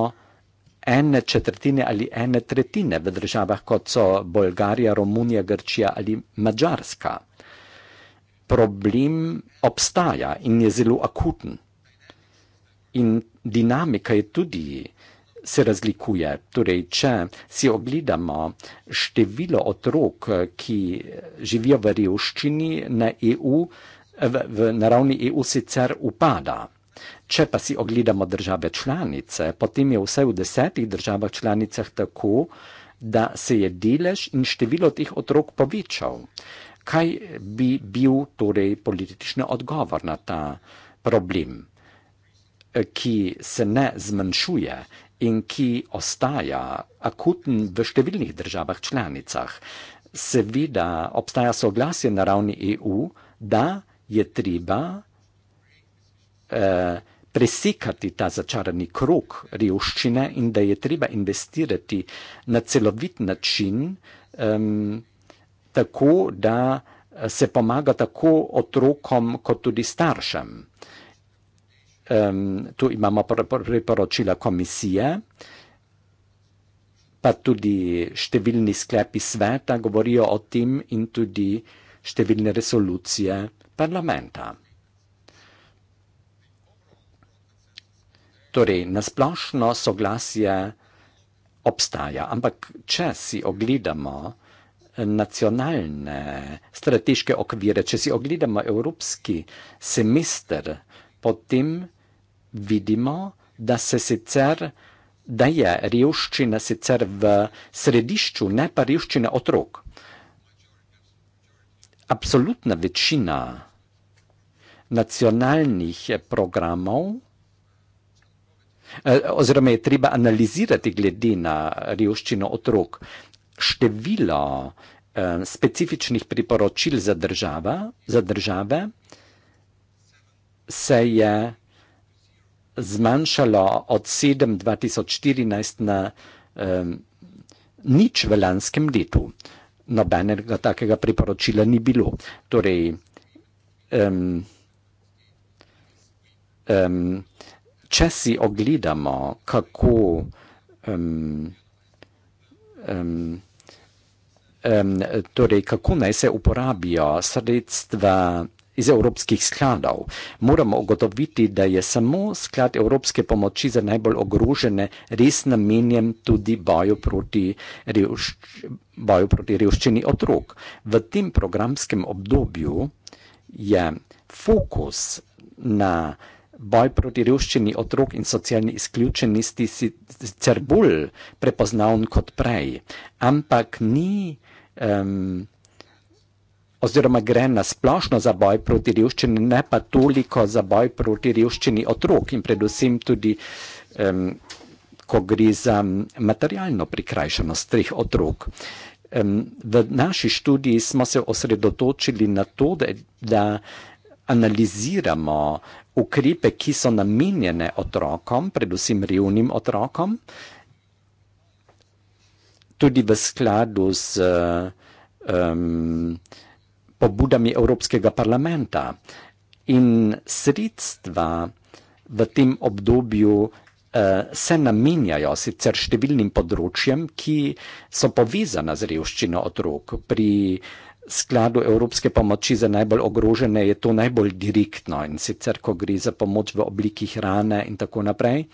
ene četrtine ali ene tretjine v državah, kot so Bolgarija, Romunija, Grčija ali Mačarska. Problem obstaja in je zelo akuten. In dinamika je tudi uh, se razlikuje. Torej, če si ogledamo število otrok, ki živijo v revščini na EU, v, v naravni EU sicer upada. Če pa si ogledamo države članice, potem je vsaj v desetih državah članicah tako, da se je delež in število teh otrok povečal. Kaj bi bil torej politični odgovor na ta problem, ki se ne zmanjšuje in ki ostaja akuten v številnih državah članicah. Seveda obstaja soglasje na ravni EU, da je treba eh, presekati ta začarani krok revščine in da je treba investirati na celovit način, eh, tako da se pomaga tako otrokom kot tudi staršem um, tu imamo priporočila komisije, pa tudi številni sklepi sveta govorijo o tem in tudi številne resolucije parlamenta. Torej, nasplošno soglasje obstaja, ampak če si ogledamo nacionalne strateške okvire, če si ogledamo evropski semester, potem vidimo, da se sicer, da je revščina sicer v središču, ne pa revščina otrok. Absolutna večina nacionalnih programov eh, oziroma je treba analizirati glede na revščino otrok število eh, specifičnih priporočil za, država, za države, se je zmanjšalo od 7 2014 na um, nič v lanskem letu. Nobenega takega priporočila ni bilo. Torej, um, um, če si ogledamo, kako um, um, Um, torej, kako naj se uporabijo sredstva iz evropskih skladov. Moramo ugotoviti, da je samo sklad evropske pomoči za najbolj ogrožene res namenjen tudi boju proti, revš, boju proti revščini otrok. V tem programskem obdobju je fokus na boj proti revščini otrok in socialni izključenosti sicer bolj prepoznavn kot prej, ampak ni um, oziroma gre na splošno za boj proti revščini, ne pa toliko za boj proti revščini otrok in predvsem tudi, um, ko gre za materialno prikrajšanost teh otrok. Um, v naši študiji smo se osredotočili na to, da, da analiziramo ukrepe, ki so namenjene otrokom, predvsem revnim otrokom, tudi v skladu z um, pobudami Evropskega parlamenta in sredstva v tem obdobju eh, se namenjajo sicer številnim področjem, ki so povezana z revščino otrok. Pri skladu Evropske pomoči za najbolj ogrožene je to najbolj direktno in sicer, ko gre za pomoč v obliki hrane in tako naprej.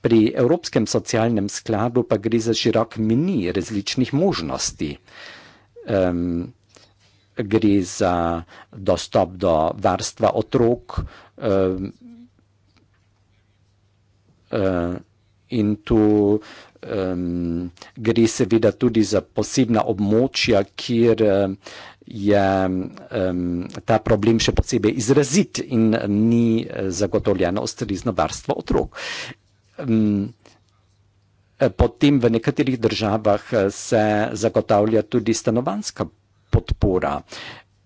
Pri Evropskem socialnem skladu pa gre za širok mini različnih možnosti gre za dostop do varstva otrok. Eh, eh, in tu um, gre seveda tudi za posebna območja, kjer eh, je um, ta problem še posebej izrazit in ni zagotovljeno ustrezno varstvo otrok. Um, potem v nekaterih državah se zagotavlja tudi stanovanska podpora.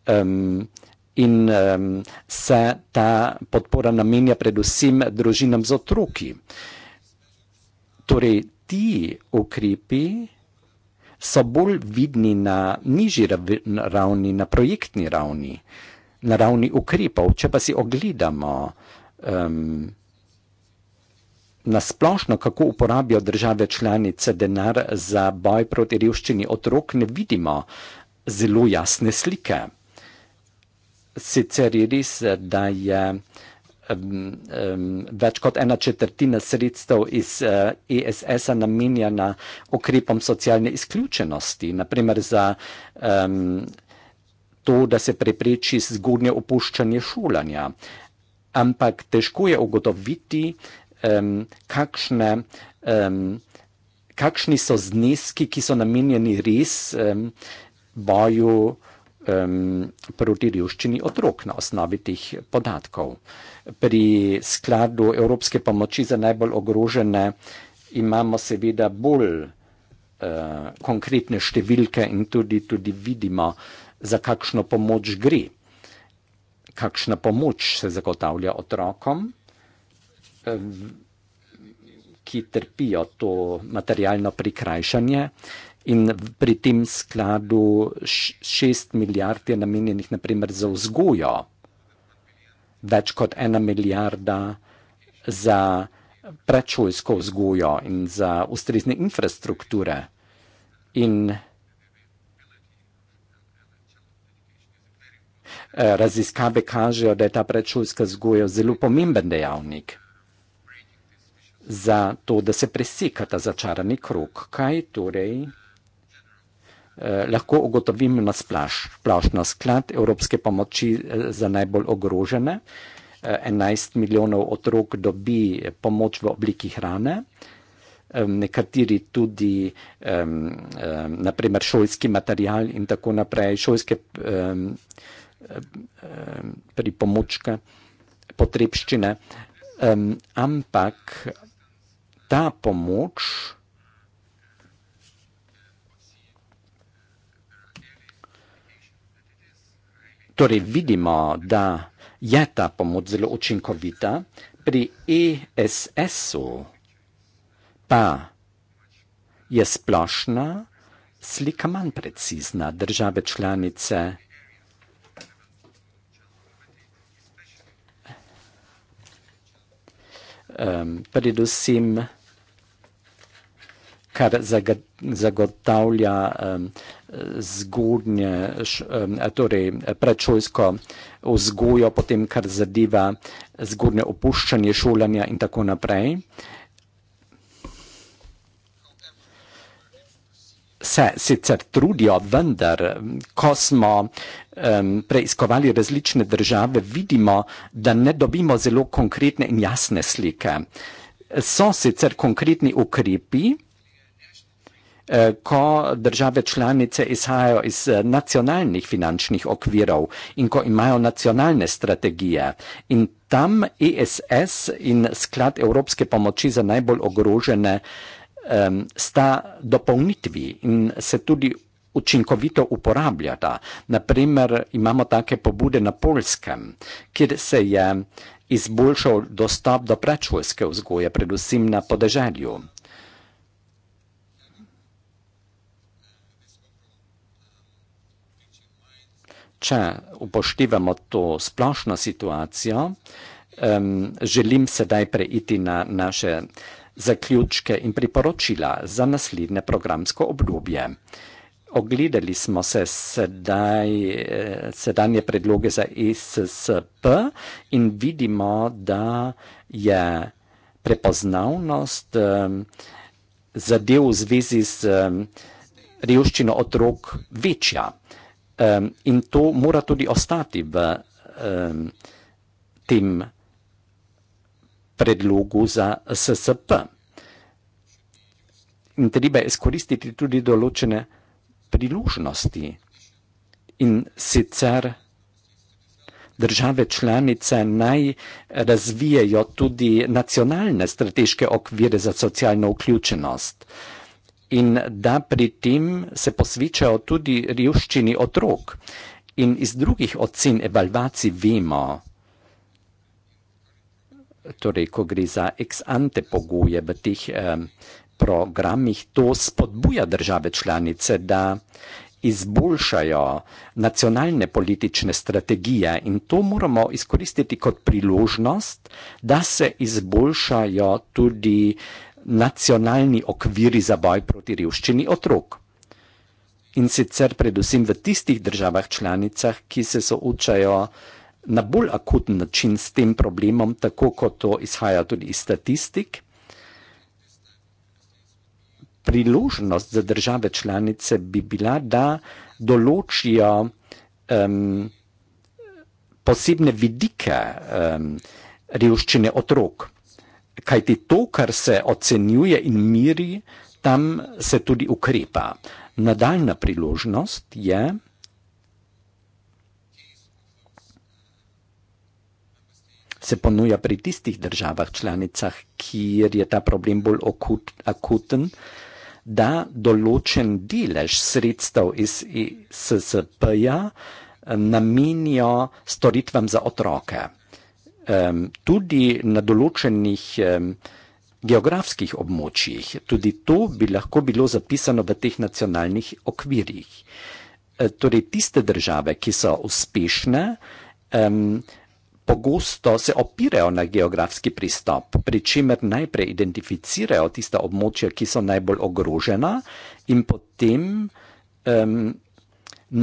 Um, in um, se ta podpora namenja predvsem družinam z otroki. Torej, ti ukrepi so bolj vidni na nižji ravni, na projektni ravni, na ravni ukrepov. Če pa si ogledamo um, na splošno, kako uporabijo države članice denar za boj proti revščini otrok, ne vidimo, uh, zelo jasne slike. Sicer je res, da je um, um, več kot ena četrtina sredstev iz uh, eh, ESS-a namenjena ukrepom socialne izključenosti, naprimer za um, to, da se prepreči zgodnje opuščanje šolanja. Ampak težko je ugotoviti, um, kakšne, um, kakšni so zneski, ki so namenjeni res. Um, boju um, proti revščini otrok na osnovi teh podatkov. Pri skladu Evropske pomoči za najbolj ogrožene imamo seveda bolj uh, konkretne številke in tudi, tudi vidimo, za kakšno pomoč gre, kakšna pomoč se zagotavlja otrokom. Um, Ki trpijo to materialno prikrajšanje, In pri tem skladu 6 milijard je namenjenih naprimer za vzgojo, več kot ena milijarda za predšolsko vzgojo in za ustrezne infrastrukture. In eh, raziskave kažejo, da je ta predšolska vzgoja zelo pomemben dejavnik za to, da se preseka ta začarani krok. Kaj torej? Eh, lahko ugotovim na splaš, splaš na sklad Evropske pomoči eh, za najbolj ogrožene. 11 eh, milijonov otrok dobi pomoč v obliki hrane, nekateri tudi naprimer šolski material in tako naprej, šolske pripomočke, potrebščine. Ampak ta pomoč Torej vidimo, da je ta pomoč zelo učinkovita, pri ESS-u pa je splošna slika manj precizna države članice. Ehm, predvsem, kar zagotavlja ehm, zgodnje, torej predšolsko vzgojo, potem kar zadeva zgodnje opuščanje šolanja in tako naprej. Se sicer trudijo, vendar, ko smo um, preiskovali različne države, vidimo, da ne dobimo zelo konkretne in jasne slike. So sicer konkretni ukrepi, Eh, ko države članice izhajajo iz eh, nacionalnih finančnih okvirov in ko imajo nacionalne strategije. In tam ESS in sklad Evropske pomoči za najbolj ogrožene um, sta dopolnitvi in se tudi učinkovito uporabljata. Naprimer, imamo take pobude na polskem, kjer se je izboljšal dostop do predšolske vzgoje, predvsem na podeželju. če upoštevamo to splošno situacijo, um, želim sedaj preiti na naše zaključke in priporočila za naslednje programsko obdobje. Ogledali smo se sedaj, eh, sedanje predloge za ESSP in vidimo, da je prepoznavnost zadev v zvezi z revščino otrok večja um, in to mora tudi ostati v um, tem predlogu za SSP. In treba je izkoristiti tudi določene priložnosti in sicer države članice naj razvijajo tudi nacionalne strateške okvire za socialno vključenost. Uh, in da pri tem se posvečajo tudi revščini otrok. In iz drugih ocen evalvacij vemo, torej, ko gre za ex ante pogoje v teh eh, programih, to spodbuja države članice, da izboljšajo nacionalne politične strategije in to moramo izkoristiti kot priložnost, da se izboljšajo tudi nacionalni okviri za boj proti revščini otrok. In sicer predvsem v tistih državah članicah, ki se soočajo na bolj akuten način s tem problemom, tako kot to izhaja tudi iz statistik. Priložnost za države članice bi bila, da določijo um, posebne vidike um, revščine otrok kajti to, kar se ocenjuje in miri, tam se tudi ukrepa. Nadaljna priložnost je, se ponuja pri tistih državah članicah, kjer je ta problem bolj okut, akuten, da določen delež sredstev iz e SSP-ja namenijo storitvam za otroke. Ehm, tudi na določenih ehm, geografskih območjih. Tudi to bi lahko bilo zapisano v teh nacionalnih okvirjih. E, torej, tiste države, ki so uspešne, ehm, pogosto se opirajo na geografski pristop, pri čemer najprej identificirajo tista območja, ki so najbolj ogrožena in potem um,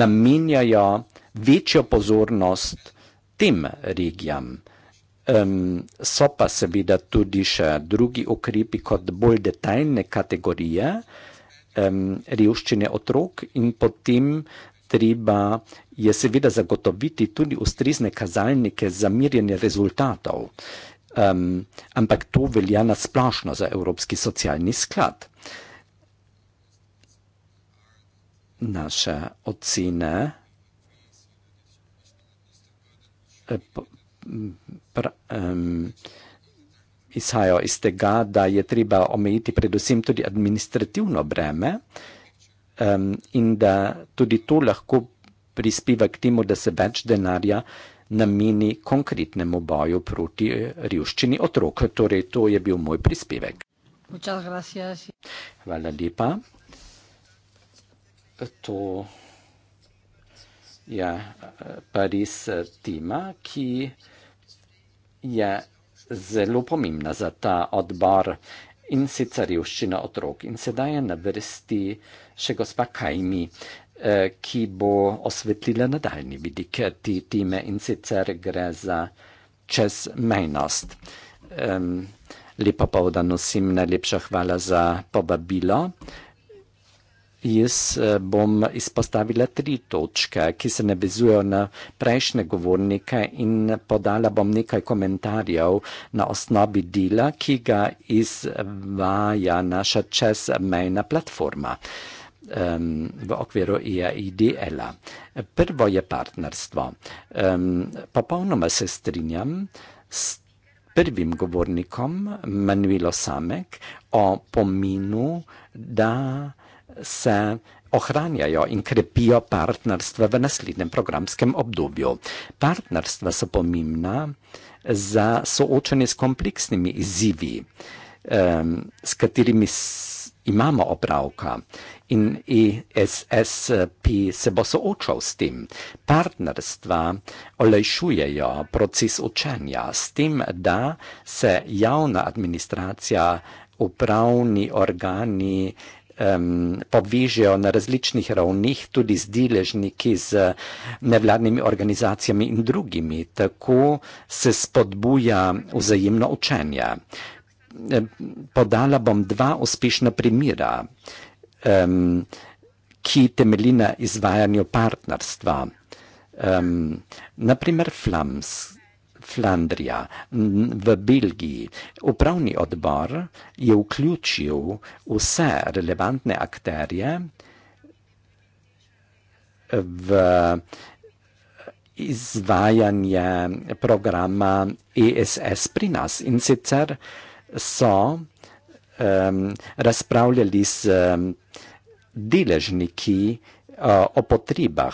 namenjajo večjo pozornost tem regijam. Um, so pa seveda tudi še drugi ukrepi kot bolj detaljne kategorije um, revščine otrok in potem treba je seveda zagotoviti tudi ustrezne kazalnike za mirjenje rezultatov. Um, ampak to velja nasplošno za Evropski socialni sklad. Naše ocene eh, pra, um, izhajajo iz tega, da je treba omejiti predvsem tudi administrativno breme um, in da tudi to lahko prispeva k temu, da se več denarja nameni konkretnemu boju proti revščini otrok. Torej, to je bil moj prispevek. Hvala lepa. To je ja, Paris eh, tema, ki je zelo pomembna za ta odbor in sicer revščina otrok. In sedaj je na vrsti še gospa Kajmi, eh, ki bo osvetlila nadaljni vidik eh, te teme in sicer gre za čezmejnost. Ehm, lepo povdan vsem, najlepša hvala za povabilo. Jaz eh, bom izpostavila tri točke, ki se ne vezujejo na prejšnje govornike in podala bom nekaj komentarjev na osnovi dela, ki ga izvaja naša čezmejna platforma um, v okviru IAIDL-a. Prvo je partnerstvo. Um, popolnoma se strinjam s prvim govornikom, Manuelo Samek, o pominu, da se ohranjajo in krepijo partnerstva v naslednjem programskem obdobju. Partnerstva so pomembna za soočanje s kompleksnimi izzivi, um, s katerimi imamo opravka in ESSP se bo soočal s tem. Partnerstva olajšujejo proces učenja s tem, da se javna administracija, upravni organi, um, povežejo na različnih ravneh, tudi z deležniki, z nevladnimi organizacijami in drugimi. Tako se spodbuja vzajemno učenje. Podala bom dva uspešna primera, um, ki temeljina izvajanju partnerstva. Um, naprimer, Flamsk. Flandrija v Belgiji. Upravni odbor je vključil vse relevantne akterje v izvajanje programa ESS pri nas. In sicer so um, razpravljali z um, deležniki, Eh, o potrebah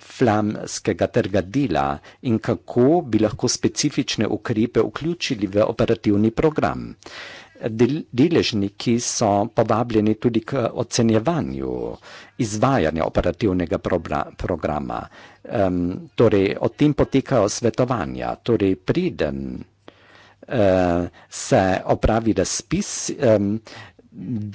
flamskega trga dela in kako bi lahko specifične ukrepe vključili v operativni program. Deležniki so povabljeni tudi k ocenjevanju izvajanja operativnega programa. Um, torej, o tem potekajo svetovanja, torej priden uh, eh, se opravi razpis, um,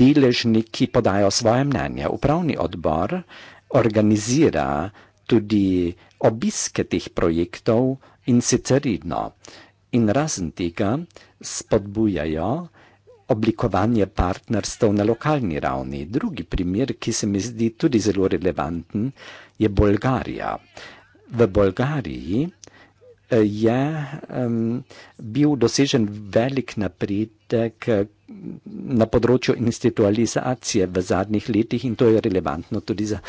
deležniki podajo svoje mnenje. Upravni odbor uh, organizira tudi obiske teh projektov in sicer redno. In razen tega spodbujajo oblikovanje partnerstv na lokalni ravni. Drugi primer, ki se mi zdi tudi zelo relevanten, je Bolgarija. V Bolgariji je um, bil dosežen velik napredek eh, na področju institucionalizacije v zadnjih letih in to je relevantno tudi za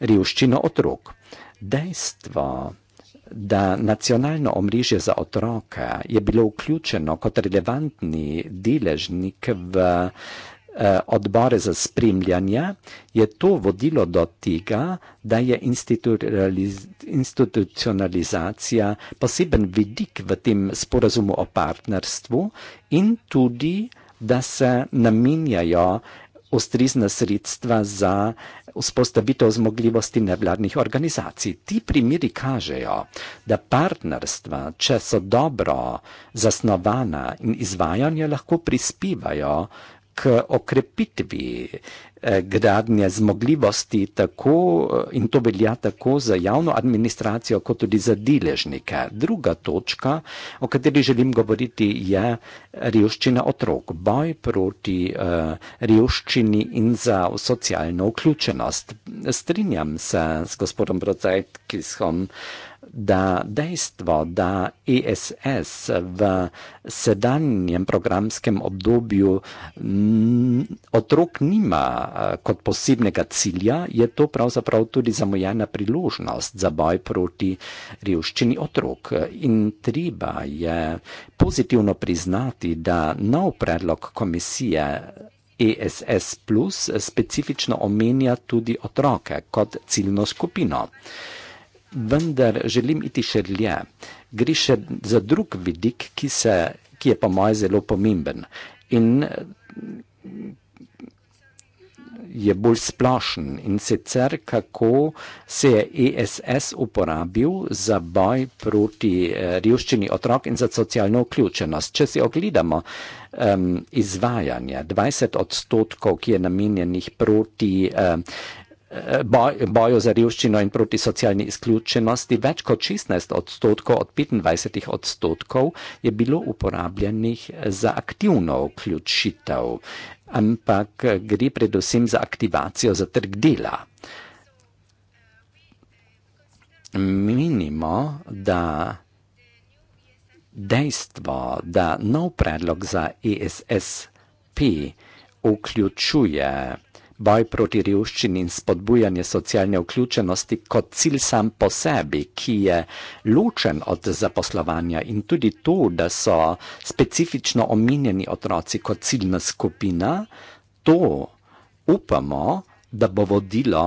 revščino otrok. Dejstvo, da nacionalno omrežje za otroke je bilo vključeno kot relevantni deležnik v uh, Eh, odbore za spremljanje, je to vodilo do tega, da je institucionalizacija poseben vidik v tem sporazumu o partnerstvu in tudi, da se namenjajo ustrezna sredstva za vzpostavitev zmogljivosti nevladnih organizacij. Ti primeri kažejo, da partnerstva, če so dobro zasnovana in izvajanje, lahko prispevajo k okrepitvi eh, gradnje zmogljivosti, tako, eh, in to velja tako za javno administracijo, kot tudi za deležnike. Druga točka, o kateri želim govoriti, je revščina otrok, boj proti uh, revščini in za socialno vključenost. Strinjam se s gospodom Brodzajtkisom. Uh, da dejstvo, da ESS v sedanjem programskem obdobju mm, otrok nima eh, kot posebnega cilja, je to pravzaprav tudi zamujena priložnost za boj proti revščini otrok. In treba je pozitivno priznati, da nov predlog komisije. ESS Plus specifično omenja tudi otroke kot ciljno skupino vendar želim iti še dlje. Gre še za drug vidik, ki, se, ki je po mojem zelo pomemben in je bolj splošen in sicer kako se je ESS uporabil za boj proti eh, revščini otrok in za socialno vključenost. Če si ogledamo um, izvajanje 20 odstotkov, ki je namenjenih proti um, boju za revščino in proti socialni izključenosti. Več kot 16 odstotkov od 25 odstotkov je bilo uporabljenih za aktivno vključitev, ampak gre predvsem za aktivacijo za trg dela. Menimo, da dejstvo, da nov predlog za ESSP vključuje boj proti revščini in spodbujanje socialne vključenosti kot cilj sam po sebi, ki je ločen od zaposlovanja in tudi to, da so specifično omenjeni otroci kot ciljna skupina, to upamo, da bo vodilo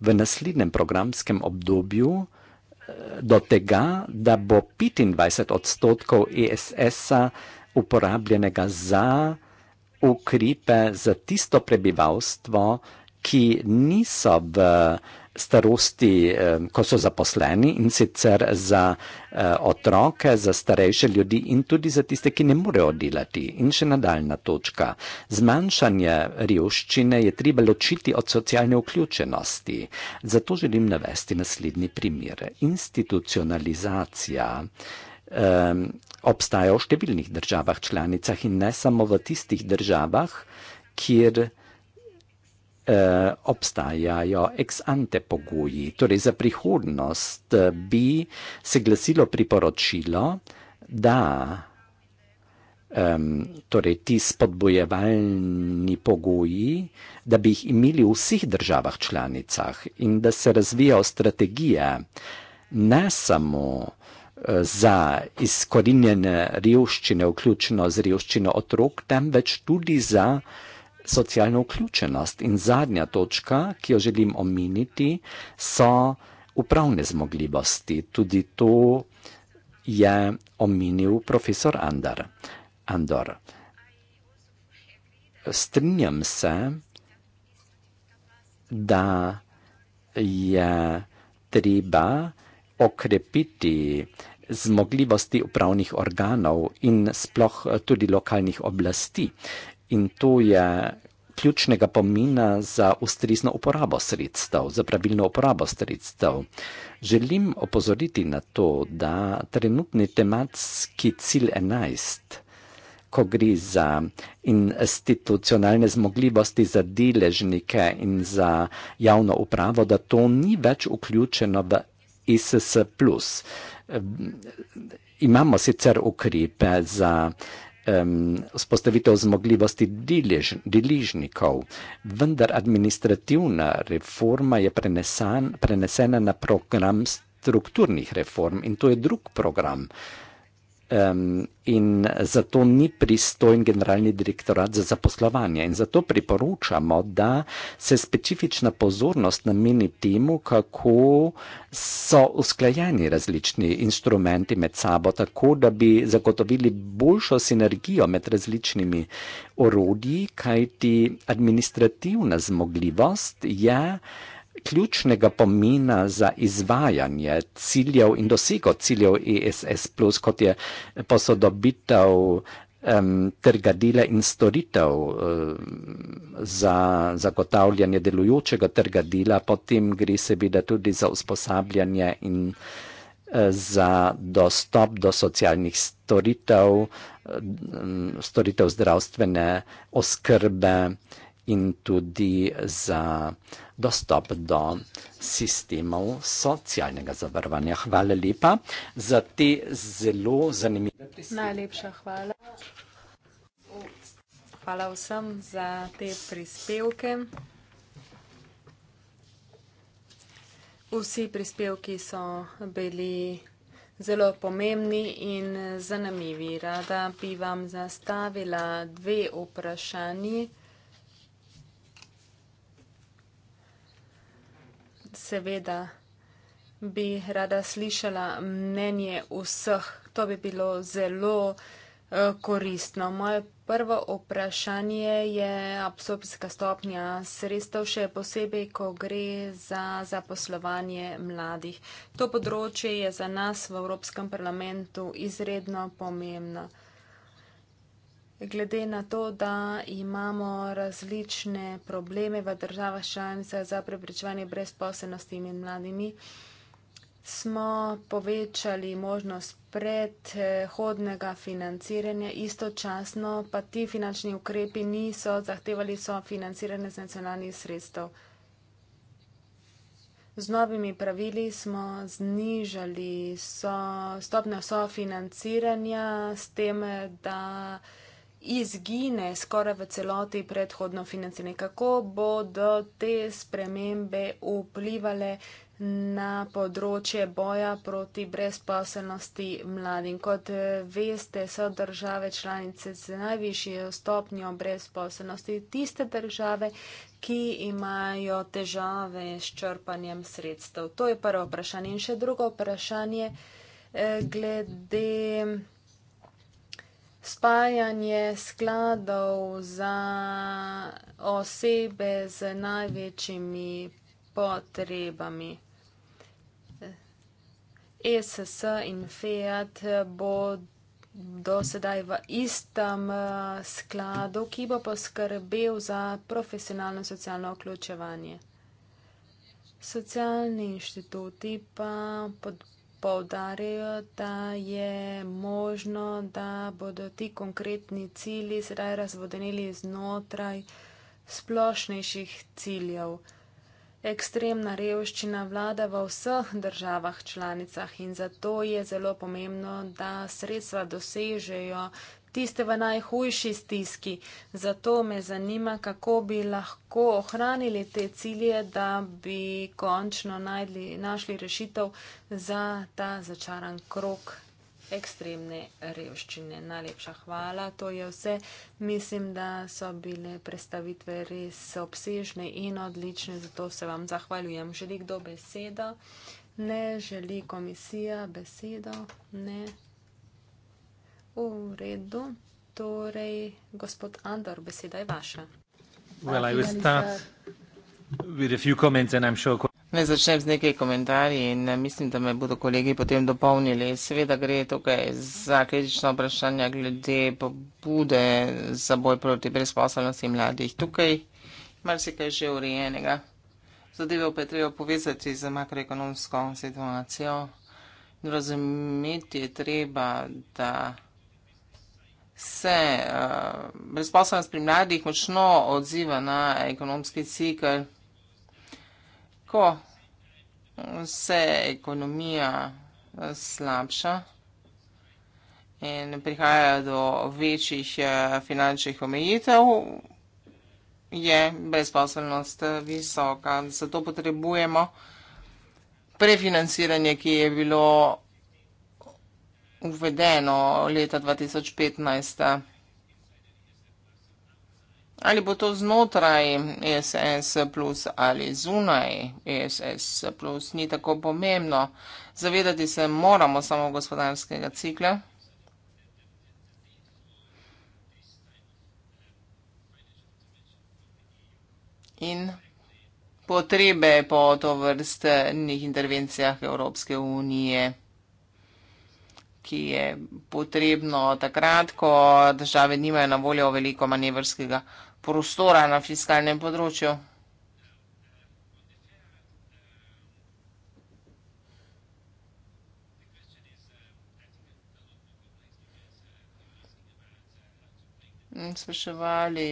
v naslednjem programskem obdobju eh, do tega, da bo 25 odstotkov ESS-a uporabljenega za ukrepe za tisto prebivalstvo, ki niso v starosti, eh, ko so zaposleni in sicer za eh, otroke, za starejše ljudi in tudi za tiste, ki ne morejo delati. In še nadaljna točka. Zmanjšanje revščine je treba ločiti od socialne vključenosti. Zato želim navesti naslednji primer. Institucionalizacija um, obstaja v številnih državah članicah in ne samo v tistih državah, kjer uh, obstajajo ex ante pogoji. Torej za prihodnost e, bi se glasilo priporočilo, da um, torej ti spodbojevalni pogoji, da bi jih imeli v vseh državah članicah in da se razvijajo strategije, ne samo za izkorinjene revščine, vključno z revščino otrok, temveč tudi za socialno vključenost. In zadnja točka, ki jo želim omeniti, so upravne zmogljivosti. Tudi to je omenil profesor Andar. Andor. Strinjam se, da je treba okrepiti zmogljivosti upravnih organov in sploh eh, tudi lokalnih oblasti. In to je ključnega pomena za ustrezno uporabo sredstev, za pravilno uporabo sredstev. Želim opozoriti na to, da trenutni tematski cilj 11, ko gre za institucionalne zmogljivosti za deležnike in za javno upravo, da to ni več vključeno v ISS. Imamo sicer ukrepe za vzpostavitev um, zmogljivosti diliž, diližnikov, vendar administrativna reforma je prenesan, prenesena na program strukturnih reform in to je drug program. Uh, Um, in zato ni pristojen generalni direktorat za zaposlovanje. In zato priporočamo, da se specifična pozornost nameni temu, kako so usklajeni različni instrumenti med sabo, tako da bi zagotovili boljšo sinergijo med različnimi orodji, kajti administrativna zmogljivost je. Ja, ključnega pomena za izvajanje ciljev in dosego ciljev ESS, plus, kot je posodobitev um, trga dela in storitev um, za zagotavljanje delujočega trga dela, potem gre seveda tudi za usposabljanje in e, za dostop do socialnih storitev, storitev zdravstvene oskrbe, in tudi za dostop do sistemov socialnega zavarovanja. Hvala lepa za te zelo zanimive prispevke. Najlepša hvala. Hvala vsem za te prispevke. Vsi prispevki so bili zelo pomembni in zanimivi. Rada bi vam zastavila dve vprašanje. seveda bi rada slišala mnenje vseh. To bi bilo zelo eh, koristno. Moje prvo vprašanje je absorpcijska stopnja sredstev, še posebej, ko gre za zaposlovanje mladih. To področje je za nas v Evropskem parlamentu izredno pomembno glede na to, da imamo različne probleme v državah članica za preprečevanje brezposelnosti med mladimi, smo povečali možnost predhodnega financiranja, istočasno pa ti finančni ukrepi niso zahtevali so financiranje z nacionalnih sredstev. Z novimi pravili smo znižali so, stopnjo sofinanciranja s tem, da izgine skoraj v celoti predhodno financiranje. Kako bodo te spremembe vplivale na področje boja proti brezposelnosti mladim? Kot veste, so države članice z najvišjo stopnjo brezposelnosti tiste države, ki imajo težave s črpanjem sredstev. To je prvo vprašanje. In še drugo vprašanje eh, glede spajanje skladov za osebe z največjimi potrebami. ESS in FEAT bo dosedaj v istem eh, skladu, ki bo poskrbel za profesionalno socialno vključevanje. Socialni inštituti pa podpravljajo poudarjajo, da je možno, da bodo ti konkretni cilji sedaj razvodenili znotraj splošnejših ciljev. Ekstremna revščina vlada v vseh državah članicah in zato je zelo pomembno, da sredstva dosežejo tiste v najhujši stiski. Zato me zanima, kako bi lahko ohranili te cilje, da bi končno najdli, našli rešitev za ta začaran krok ekstremne revščine. Najlepša hvala, to je vse. Mislim, da so bile predstavitve res obsežne in odlične, zato se vam zahvaljujem. Želi kdo besedo? Ne želi komisija besedo? Ne. V redu. Torej, gospod Andor, beseda je vaša. Well, Naj začnem z nekaj komentarji in eh, mislim, da me bodo kolegi potem dopolnili. Seveda gre tukaj za kritično vprašanje glede pobude za boj proti brezposobnosti mladih. Tukaj marsikaj že urejenega. Zadeve pa je treba povezati z makroekonomsko situacijo. Razumeti je treba, da se uh, eh, brezposobnost pri mladih močno odziva na ekonomski cikl, ko se ekonomija eh, slabša in prihaja do večjih eh, finančnih omejitev, je brezposobnost visoka. Zato potrebujemo prefinanciranje, ki je bilo uvedeno leta 2015. Ali bo to znotraj ESS plus ali zunaj ESS plus, ni tako pomembno. Zavedati se moramo samo gospodarskega cikla. In potrebe po to vrste njih intervencijah Evropske unije ki je potrebno takrat, ko države nimajo na voljo veliko manevrskega prostora na fiskalnem področju. Spraševali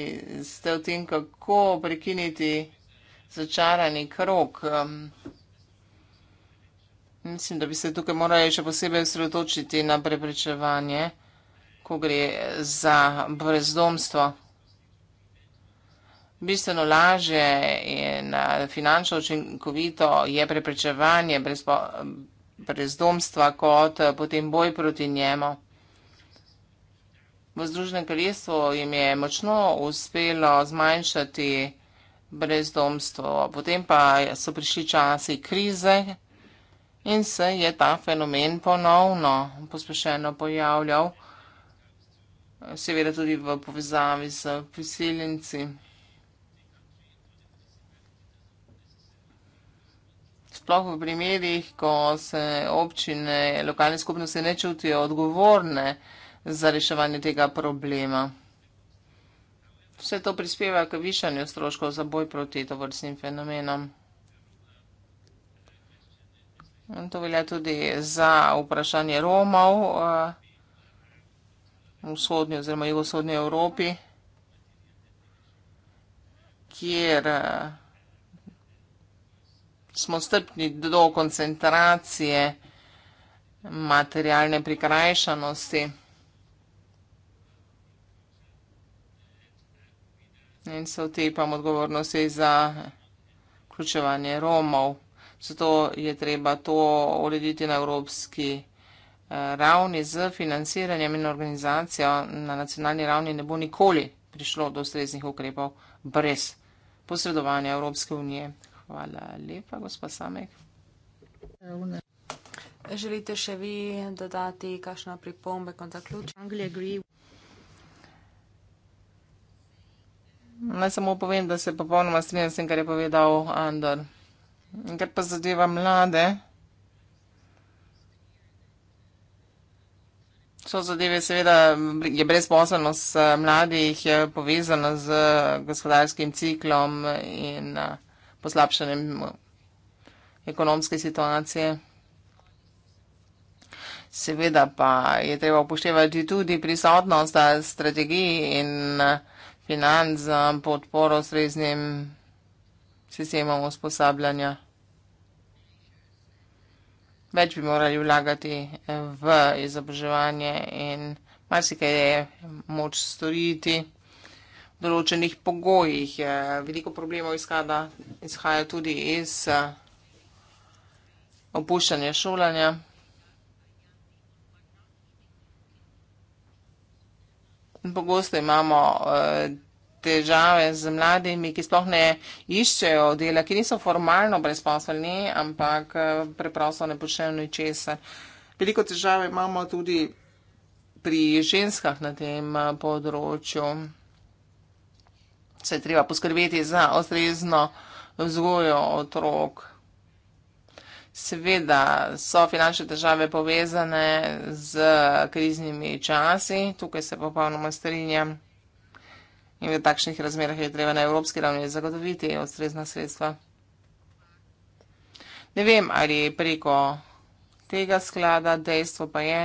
ste o tem, kako prekiniti začarani krok. Um, mislim, da bi se tukaj morali še posebej osredotočiti na preprečevanje, ko gre za brezdomstvo. Bistveno lažje in finančno učinkovito je preprečevanje brezdomstva kot potem boj proti njemu. V Združenem kraljestvu jim je močno uspelo zmanjšati brezdomstvo, potem pa so prišli časi krize, in se je ta fenomen ponovno pospešeno pojavljal, seveda tudi v povezavi z priseljenci. Sploh v primerih, ko se občine, lokalne skupnosti ne čutijo odgovorne za reševanje tega problema. Vse to prispeva k višanju stroškov za boj proti tovrstnim fenomenom. In to velja tudi za vprašanje Romov eh, v vzhodnji oziroma jugosodnji Evropi, kjer eh, smo strpni do koncentracije materialne prikrajšanosti. In se otepam odgovornosti za vključevanje Romov. Zato je treba to urediti na evropski eh, ravni z financiranjem in organizacijo na nacionalni ravni ne bo nikoli prišlo do ustreznih ukrepov brez posredovanja Evropske unije. Hvala lepa, gospa Samek. Želite še vi dodati kakšno pripombe, ko zaključim? Naj samo povem, da se popolnoma strinjam s tem, kar je povedal Andor. Kar pa zadeva mlade, so zadeve seveda, je brezposobnost eh, mladih eh, povezana z gospodarskim ciklom in eh, poslabšanjem ekonomske situacije. Seveda pa je treba upoštevati tudi prisotnost strategij in financ za podporo sreznim mladim sistemom usposabljanja. Več bi morali vlagati v izobraževanje in marsikaj je moč storiti v določenih pogojih. Veliko problemov izhada, izhaja tudi iz eh, opuščanja šolanja. In pogosto imamo eh, težave z mladimi, ki sploh ne iščejo dela, ki niso formalno brezposelni, ampak eh, preprosto ne počnejo ničesar. Veliko težave imamo tudi pri ženskah na tem eh, področju. Se je treba poskrbeti za ostrezno vzgojo otrok. Seveda so finančne države povezane z kriznimi časi, tukaj se popolnoma strinjam. In v takšnih razmerah je treba na evropski ravni zagotoviti ustrezna sredstva. Ne vem, ali je preko tega sklada, dejstvo pa je,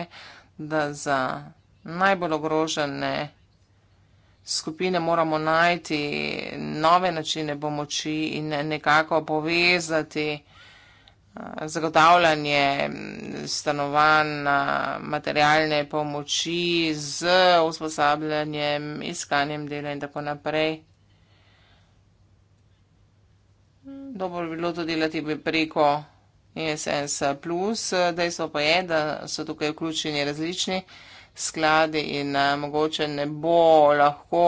da za najbolj ogrožene skupine moramo najti nove načine pomoči in nekako povezati. Eh, zagotavljanje mm, stanovanj, eh, materialne pomoči z usposabljanjem, iskanjem dela in tako naprej. Dobro bi bilo to delati preko ISS e Plus, dejstvo pa je, da so tukaj vključeni različni skladi in eh, mogoče ne bo lahko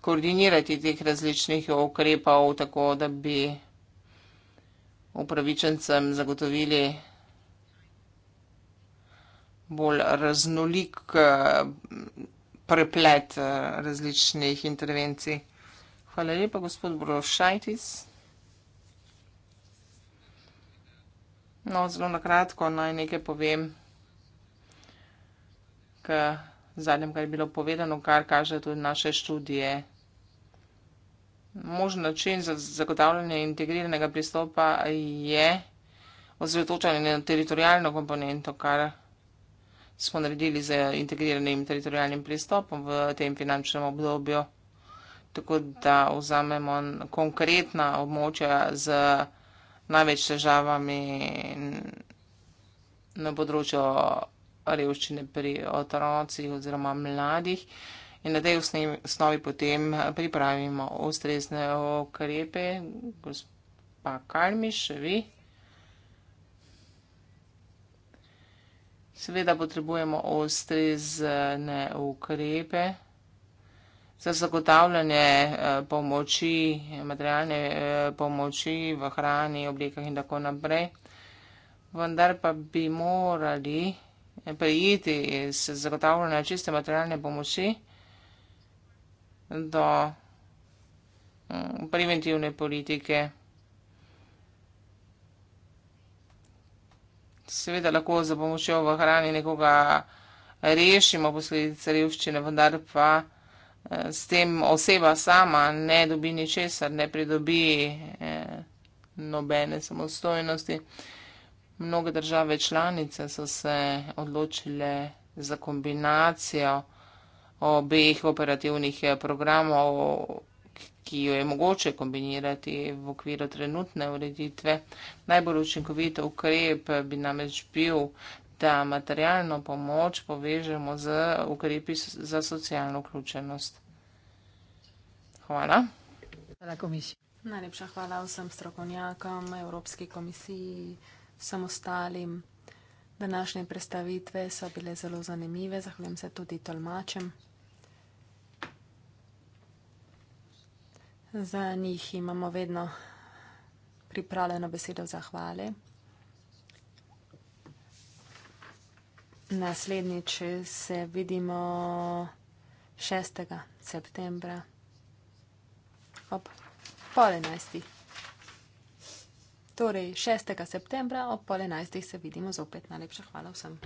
koordinirati teh različnih ukrepov, tako da bi upravičencem zagotovili bolj raznolik eh, preplet eh, različnih intervencij. Hvala lepa, gospod Brošajtis. No, zelo nakratko naj nekaj povem k zadnjem, kar je bilo povedano, kar kaže tudi naše študije. Možen način za zagotavljanje integriranega pristopa je ozvetočanje na teritorijalno komponento, kar smo naredili z integriranim teritorijalnim pristopom v tem finančnem obdobju, tako da vzamemo konkretna območja z največ težavami na področju revščine pri otroci oziroma mladih, in na tej osnovi potem eh, pripravimo ustrezne okrepe. Gospa Kalmiš, vi. Seveda potrebujemo ostrezne ukrepe za zagotavljanje eh, pomoči, materialne eh, pomoči v hrani, oblikah in tako naprej. Vendar pa bi morali prijeti iz zagotavljanja čiste materialne pomoči do mm, preventivne politike. Seveda lahko za pomočjo v hrani nekoga rešimo posledice revščine, vendar pa eh, s tem oseba sama ne dobi ničesar, ne pridobi eh, nobene samostojnosti. Mnoge države članice so se odločile za kombinacijo vsega, obeh operativnih eh, programov, ki jo je mogoče kombinirati v okviru trenutne ureditve. Najbolj učinkovit ukrep bi namreč bil, da materialno pomoč povežemo z ukrepi za socialno vključenost. Hvala. Hvala Najlepša hvala vsem strokovnjakom, Evropski komisiji, samostalim. Današnje predstavitve so bile zelo zanimive, zahvaljujem se tudi tolmačem. Za njih imamo vedno pripravljeno besedo zahvale. Naslednjič se vidimo 6. septembra ob pol enajstih. Torej, 6. septembra ob pol enajstih se vidimo zopet. Najlepša hvala vsem.